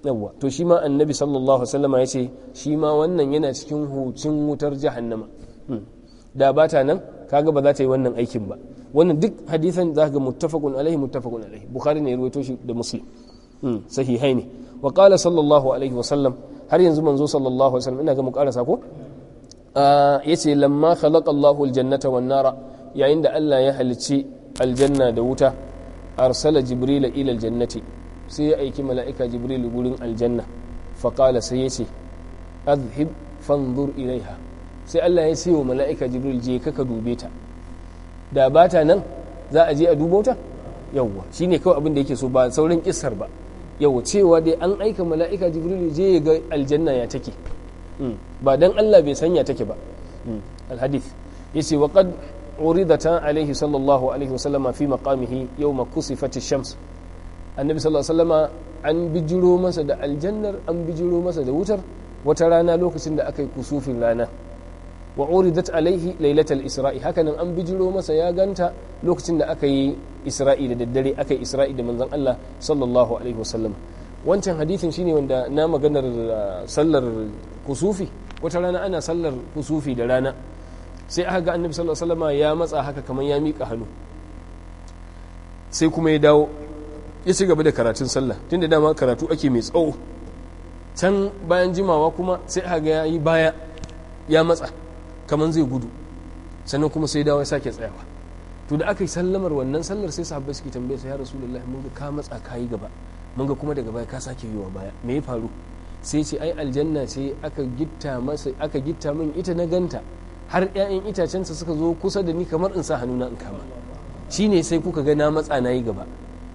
yawwa to shi ma annabi sallallahu alaihi wasallam ya ce shi ma wannan yana cikin hucin wutar jahannama Hmm. da ba ta nan kaga ba za ta yi wannan aikin ba wannan duk hadisan za ga muttafaqun alaihi muttafaqun alaihi bukhari ne ruwaito shi da muslim hmm. sahihai ne wa qala sallallahu alaihi wa sallam har yanzu manzo sallallahu alaihi wa sallam ina ga mu karasa ko ah, yace lamma khalaqa Allahu aljannata wan nara yayin da Allah ya halicci aljanna da wuta arsala jibril ila aljannati sai ya aiki mala'ika jibril gurin aljanna fa qala sai yace adhhib fanzur ilaiha sai Allah ya sayo mala'ika jibril je ka ka dube ta da ba ta nan za a je a dubo ta yawwa shine kawai abin da yake so ba sauran kissar ba yawwa cewa dai an aika mala'ika jibril je ya ga aljanna ya take hmm, ba dan Allah bai sanya take ba hmm, alhadith yace wa qad uridata alaihi sallallahu alaihi wasallama fi yau ma kusi Fati shams annabi sallallahu alaihi wasallama an bijiro masa da aljannar an bijiro masa da wutar wata rana lokacin da aka yi kusufin rana wa uridat alaihi lailatul isra'i hakanan an bijiro masa ya ganta lokacin da aka yi isra'i da daddare aka yi isra'i da manzon Allah sallallahu alaihi wasallam wancan hadisin shine wanda na maganar uh, sallar kusufi wata rana ana sallar kusufi da rana sai aka ga annabi sallallahu alaihi wasallam ya matsa haka kamar ya mika hannu sai kuma ya dawo ya ci gaba da karatun sallah tunda dama karatu ake mai tsawo can bayan jimawa kuma sai aka ga ya yi baya ya matsa kamar zai gudu sannan kuma sai dawo ya sake tsayawa to da aka yi sallamar wannan sallar sai sahabbai suke tambaye su ya rasulullahi mun ga ka matsa kayi gaba mun ga kuma daga baya ka sake yiwa baya me ya faru sai ce ai aljanna ce aka gitta masa aka gitta min ita na ganta har ƴaƴan itacensa suka zo kusa da ni kamar in sa hannuna in kama shine sai kuka ga na matsa nayi gaba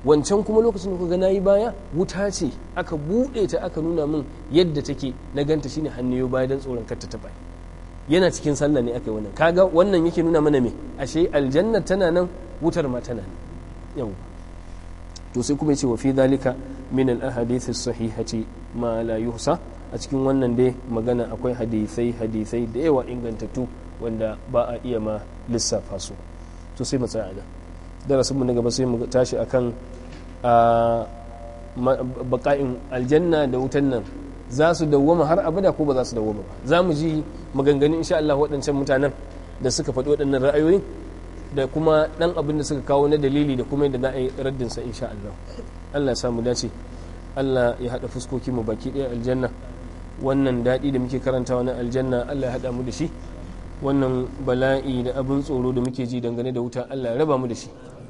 wancan kuma lokacin da kuka ga nayi baya wuta ce aka buɗe ta aka nuna min yadda take na ganta shine hannu baya dan tsoron kar ta taɓa yana cikin sallah ne aka yi wannan kaga wannan yake nuna mana me ashe aljanna tana nan wutar ma tana nan yau to sai kuma yace wa fi dalika min al ahadith as sahihati ma la yuhsa a cikin wannan dai magana akwai hadisai hadisai da yawa ingantattu wanda ba a iya ma lissafa su to sai mu tsaya na gaba sai mu tashi akan baka'in aljanna da wutan nan za su dawwama har abada ko ba za su dawwama ba za mu ji maganganun insha Allah waɗancan mutanen da suka faɗi waɗannan ra'ayoyi da kuma ɗan abin da suka kawo na dalili da kuma yadda za a yi sa insha Allah Allah ya samu dace Allah ya haɗa fuskoki mu baki ɗaya aljanna wannan daɗi da muke karantawa na aljanna Allah ya haɗa mu da shi wannan bala'i da abin tsoro da muke ji dangane da wuta Allah ya raba mu da shi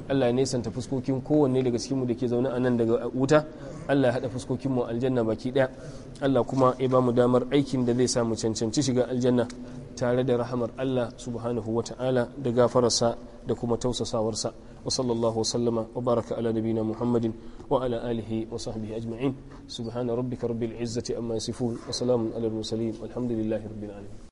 Allah ya nesanta fuskokin kowanne daga cikinmu da ke zaune a nan daga wuta Allah ya haɗa fuskokinmu aljanna baki ɗaya Allah kuma ya ba mu damar aikin da zai samu cancanci shiga aljanna tare da rahamar Allah subhanahu wa ta'ala da gafararsa da kuma tausasawarsa wa sallallahu sallama wa baraka ala nabina muhammadin wa ala alihi wa sahbihi ajma'in subhana rabbika rabbil izzati amma yasifun wa salamun ala mursalin walhamdulillahi rabbil alamin